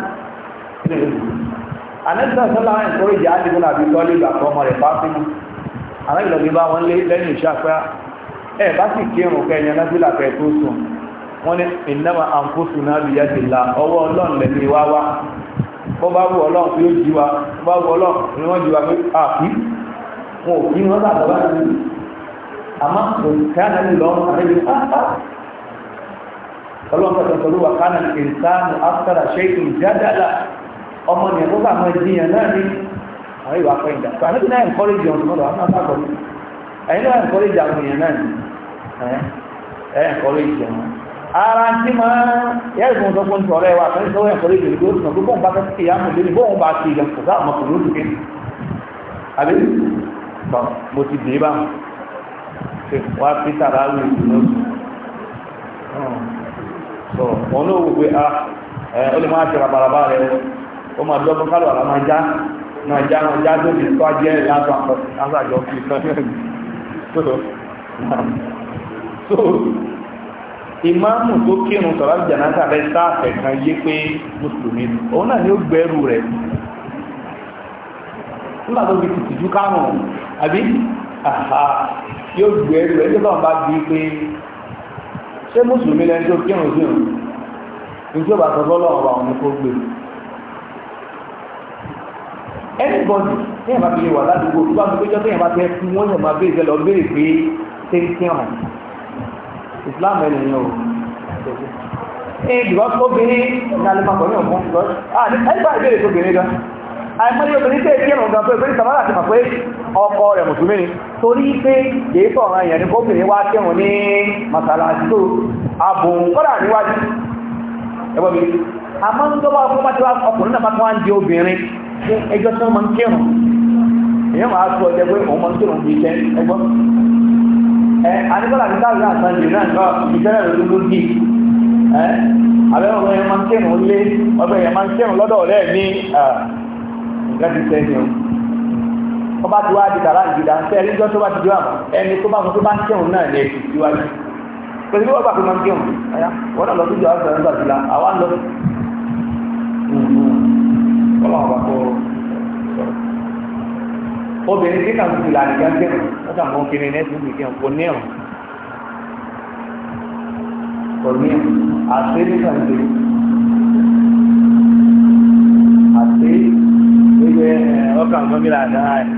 àlẹ́sọ̀ sọ́lá wọn ẹ̀kọ́rẹ́jì á ti gbọ́dọ̀ àbí tọ́lé ìgbà kan ọmọ rẹ̀ fáfínú aláìlọ́gbé bá wọn lẹ́yìn ìṣàpá ẹ̀ bá sì kírun kẹyìn alábílà kẹ tó sùn wọ́n ní ìnáwà àǹkóṣù náà bí yàtì la ọwọ́ ọlọ́run lẹ́ni wá wá bọ́ bá wù ọlọ́run tí ó jí wa bọ́ bá wù ọlọ́run ni wọ́n jí wa pé àfi wọn ò kí wọn bá bọ́ bá àmọ́ kò náà lọ́run àrẹ́bí ọlọ́pàá tó tọ́lú wà kánà ìsáàmù áfẹ́rà ṣéèkì jádàlá ọmọ ni ẹ̀kọ́ bá máa jiyàn náà ní àwọn ìwà pẹ́ ìdá tó àná bí náà ẹ̀ńkọ́rẹ́jì ọ̀hún lọ́dọ̀ àwọn àgbàgbọ́ ní ẹ̀yìn náà ẹ̀ńkọ́rẹ́jì àwọn èèyàn náà ní ẹ̀ńkọ́rẹ́jì ọ̀hún ara tí máa yẹ́rùn tó fún ìtọ̀rẹ́ wa fẹ́ sọ́wọ́ ẹ̀kọ́rẹ́jì ìlú tó sùn gbogbo nǹkan tó yà mọ̀ lórí bóun bá ti ìgbà so wọn ló pé a ah, ó máa ṣe rabaraba rẹ ó máa ma kálọ̀ àlá ọ já máa já tó fi tó ajẹ́ látọ̀ àṣàjọ fi so so ìmáàmù tó kírun sọ̀rọ̀ jànáta rẹ̀ sáàfẹ̀ kan yé pé mùsùlùmí òun náà ni ó rẹ̀ nígbà tó fi tìtìjú àbí àhà yóò rẹ̀ tó bá bí pé ṣé mùsùlùmí lẹni tó kírun sí òun nítorí ọba tó lọ́wọ́ ọba òun gbé anybody tí yẹn bá fi lè wà ládùúgbò tó bá fi péjọ tí yẹn fún wọn yẹn máa béèrè lọ béèrè pé ṣé ń kírun Islam ẹni yẹn o ẹ jùlọ tó obìnrin ní alẹ́ àìmọ́lé obìnrin tẹ́ kí ẹ̀rùn gbàtọ́ ìpínlẹ̀ sàmọ́lá ti mọ̀ pé ọkọ rẹ̀ mùsùlùmí ni torí pé yìí sọ̀rọ̀ ìyẹn ni kóbìnrin wá kírun ní màsálásí tó abùn kọ́dà níwájú ẹgbọ́n mi àmọ́ ń tọ́wọ́ fún bá ti wá ọkùnrin náà bá tún wá ń di obìnrin ní ẹjọ́ tí wọ́n máa ń kírun èèyàn máa sọ ọjọ́ pé òun máa ń kírun bí iṣẹ́ ẹgbọ́n ẹ àdébọ́lá ti dáhùn náà sàn lé ọbẹ̀ yẹn ń kírun lọ́dọ̀ ọ̀rẹ́ mi láti sẹ́ni o ọba tí wàá di tàbá ìgbìdá ń fẹ́ ẹlẹ́jọ́ tó bá ti jọ àmọ́ ẹni tó bá sọ tó bá ń kẹ́hùn náà lè fi síwájú pẹ̀lú bí wọ́n gbà pé máa ń kẹ́hùn ẹ̀yà wọ́n náà lọ sí ìjọ àwọn ìgbà ìgbà àwa lọ. ọlọ́run bá kọ́ obìnrin tí kàn ti lànà ìgbà kẹ́hùn wọ́n kà mọ́ kiri ní ẹ̀sìn kìkì kò ní ẹ̀rùn kò ní ẹ̀rùn àti fún kan tí láì láàrín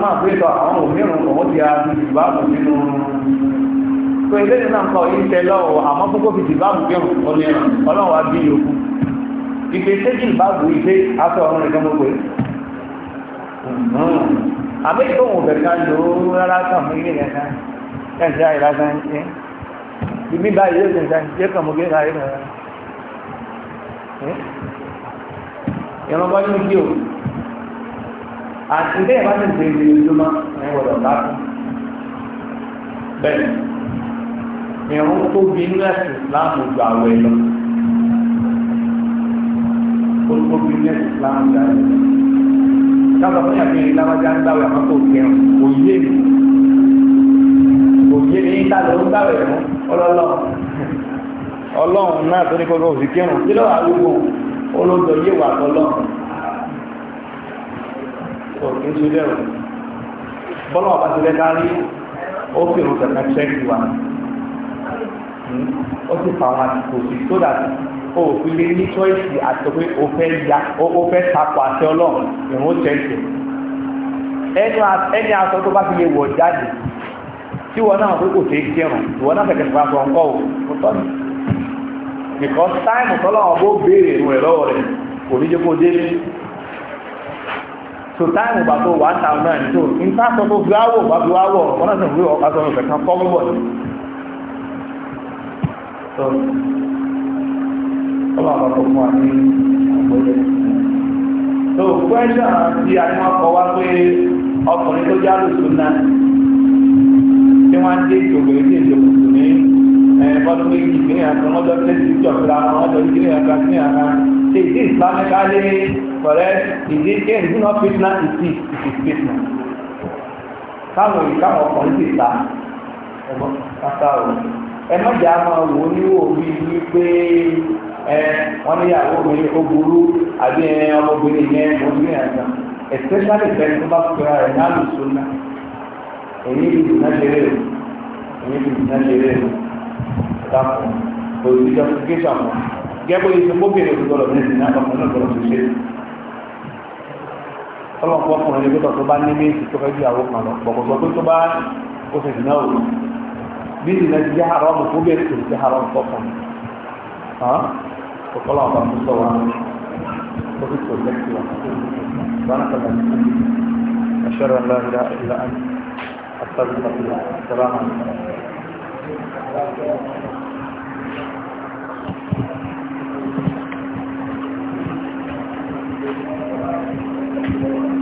máa gbé lọ àwọn òmíràn ọ̀wọ́ ti ara fi ìbáàbù nínú tó ilé nínú àpá yìí tẹ lọ́wọ́ àmọ́ kókó fi ìbáàbù gẹ̀rùn ọlọ́wà bí yòókù ìpè séjì ìbáàbù ìgbé aṣọ ọ̀run àbí tó wù bẹ̀rẹ̀ ká lò ó rárá kàn mú ilé rẹ̀ náà kẹ́ǹtì àyè lásán ṣe ìmí báyìí yóò tẹ̀sán ṣe kàn mú gẹ́gẹ́ àyè rẹ̀ ìran bá ní kí o àti ilé ìbá ti ṣe ìlú ìjọba ní ìwọ̀dọ̀ káàkó bẹ́ẹ̀ ìrún tóbi inú ẹ̀sìn láàmú ju àwẹ̀ lọ ó tóbi inú ẹ̀sìn láàmú ju àwẹ̀ lọ káfà fún yàtọ̀ yìí lábájá ń gbàwé àmọ́ kò kẹrùn òye mi òye mi ń tàlọ́ ń gbàwé mọ́ ọlọ́lọ́ ọlọ́run náà tó ní kọ́kọ́ òsì kẹrùn kí lọ́wọ́ arúgbó olóńtọ̀ yé wà tọ́lọ́ òkè ń ṣe dẹ́rù bọ́lá ọba ti lẹ́ka rí ó fi òun kẹ̀kẹ́ ṣẹ́kì wa hmm? ó sì fà wọn àti kò sí tó o fi lè ní choice àti pé o fẹ́ ya o fẹ́ takò àti ọlọ́run ìrún tẹ̀sí ẹni aṣọ tó bá fi lè wọ̀ jáde tí wọn náà pé kò tẹ̀ jẹun ìwọ náà fẹ̀kẹ̀ fà sọ o kò tọ́ ni because time tọ́lọ́wọ́n bó béèrè ìrún rẹ̀ lọ́wọ́ rẹ̀ kò ní jẹ́ kó dé so time bàtò wà á tàwọn náà nítorí nípa sọ tó fi áwọ̀ bá fi áwọ̀ wọn náà sọ pé ọ̀pá sọ kọ́ kọ́lá bá kọ́ fún wa ní àgbọ̀yẹ. tó kwẹ́sà tí a ní wọ́n kọ́ wá pé ọkùnrin tó já lùsùn náà tí wọ́n á dé ìjòkó ìdí ìjòkó ní bọ́dún méjì kìíní àti ọmọdé méjì jọ fúra ọmọdé kìíní àti kìíní àti ṣe ìdí ìsìlámẹ́ká lé kọ̀rẹ́ ìdí kí ẹ̀dí náà fitna ìsì ìsì fitna. káwọn ìkáwọn ọkùnrin ti ta ẹ wọ́n ní ìyàwó mi ó burú àbí ẹ ọmọbìnrin yẹn mo ní ìyàtọ̀ especially fẹ́ni tó bá fura rẹ̀ náà lù sún náà èyí ti dùn náà ṣeré o èyí ti dùn náà ṣeré o dákun òsì justification wọn gẹ́gbẹ́ yìí tó gbóbìnrin òsì gbọ́dọ̀ ní ìsìn náà ọkùnrin náà gbọ́dọ̀ ṣe ọlọ́pọ̀ ọkùnrin ní gbọ́dọ̀ tó bá ní méjì tó fẹ́ bí àwọn kan lọ pọ̀pọ̀pọ̀ pé tó bá ó ṣe ìsìn náà o bí ìsìn ti jẹ́ àrọ́ ọmọ fún bẹ́ẹ̀ tó ti jẹ́ àrọ́ ọmọ fọ́kùnrin وطلع بقى مستوى وقلت وزكت وانا كمان أشهد أن لا إله إلا أنت أستغفرك الله السلام عليكم Thank you.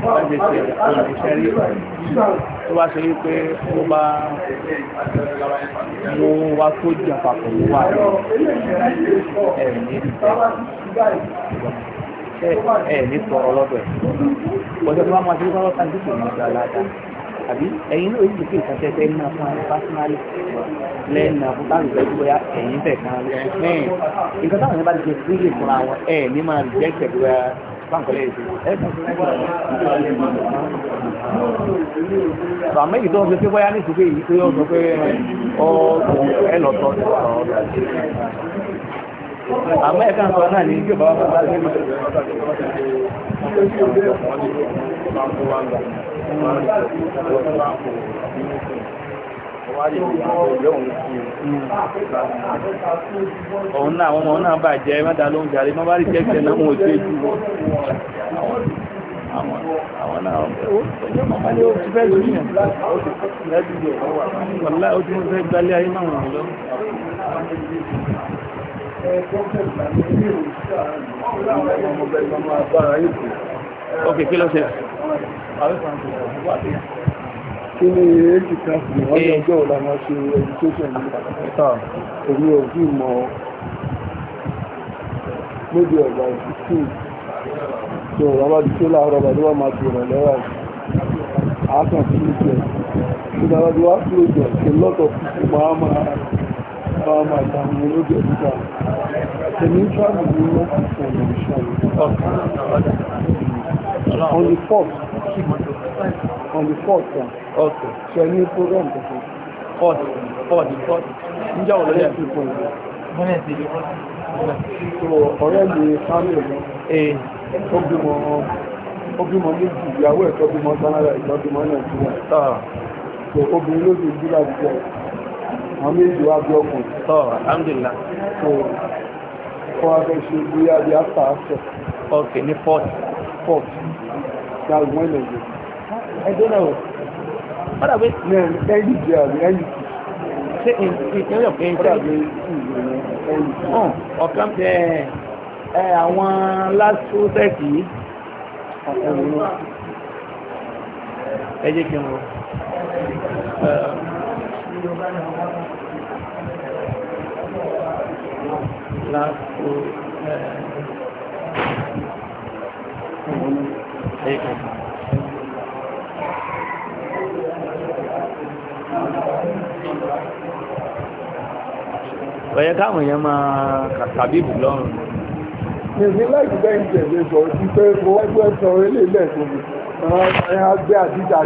wọ́n lè ṣe olùṣẹ́ rí tó bá ṣe rí pé ó bá mú wá tó jà papọ̀ wà ẹ̀mí ẹ̀mí sọ̀rọ̀ lọ́dọ̀ ẹ̀ ọjọ́ tó bá máa ṣe sọ́rọ̀ tàbí kò ní ìgbà ládàá àbí ẹ̀yin náà yìí kí nǹkan tẹ́tẹ́ ní apá pásínálì lẹ́nu àbúkà rẹ̀ bóyá ẹ̀yin bẹ̀ kan lẹ́yìn nǹkan táwọn yẹn bá ti ṣe fúlì fúnra wọn ẹ̀ ní máa rìjẹ́kẹ̀ bóyá àmọ́ ìdán ṣe pé bóyá ní ìsúké yìí pé ó sọ pé ẹ lọ tọ́ àmọ́ ẹ̀ka nǹkan náà ní ìjọba wà bá sí ìlú òun náà àwọn ọmọ náà bà jẹ́ mẹ́ta ló ń jàre mọ́ bá rí jẹ́kẹ́ náà wọ́n ṣe jù àwọn náà ó ti fẹ́ lórí yẹn wọ́lá ó ti fẹ́ gbalé kí ní èjì káàkiri wọ́n ní eh. ọjọ́ ọ̀la máa ṣe education ní èmi ò bí mọ́ lóde ọ̀gá ìsìn tó rọ́bà tí ó láàárọ̀ bàdé wà máa ti rọ̀ lẹ́wà àákàn sí ìjẹ́ ìgbà bàdé wà sí ìjẹ́ ṣe lọ́tọ̀ fún máa máa máa dàmú lóde ọ̀gá èmi ń ṣàbùkù lọ́kùnrin ìṣàlùkù on the fourth on the fourth ya ṣe ní program kẹfẹ. fourth fourth fourth njẹ́ wọ́n lọ́yà sí fún mi. so ọ̀rẹ́ mi samuel eh. ó bímọ ó bímọ méjì ìyàwó ẹ̀ tó bímọ Canada ìjọ bímọ Nàìjíríà so obìnrin ló ti gbúdà jù àwọn méjì wá bí ọkùnrin. sọ alhamdulilah. so fún abẹ́ ṣe bí abẹ́ àtàkùn. ok ní fourth pop gba ìmọ̀ ilẹ̀ ìjọ ẹjọ́ náà padà pé ẹ̀yìn jẹ́ àbí ẹ̀yìn ṣe ìpínlẹ̀ ọ̀gbìn padà pé ọ̀kan tẹ àwọn lásìkò tẹ̀sí ẹ jẹ́ kí n wọ. Last, uh, ọ̀yẹ káwọn èèyàn máa kàtàbíbù lọ́rùn ní ní láìpẹ́ ìjẹ̀lẹ̀ sọ̀rọ̀ sí pé mo wájú ẹ̀sọ̀ orílẹ̀-èdè ẹ̀sọ̀ mi àwọn ẹ̀yà gbé àdíjà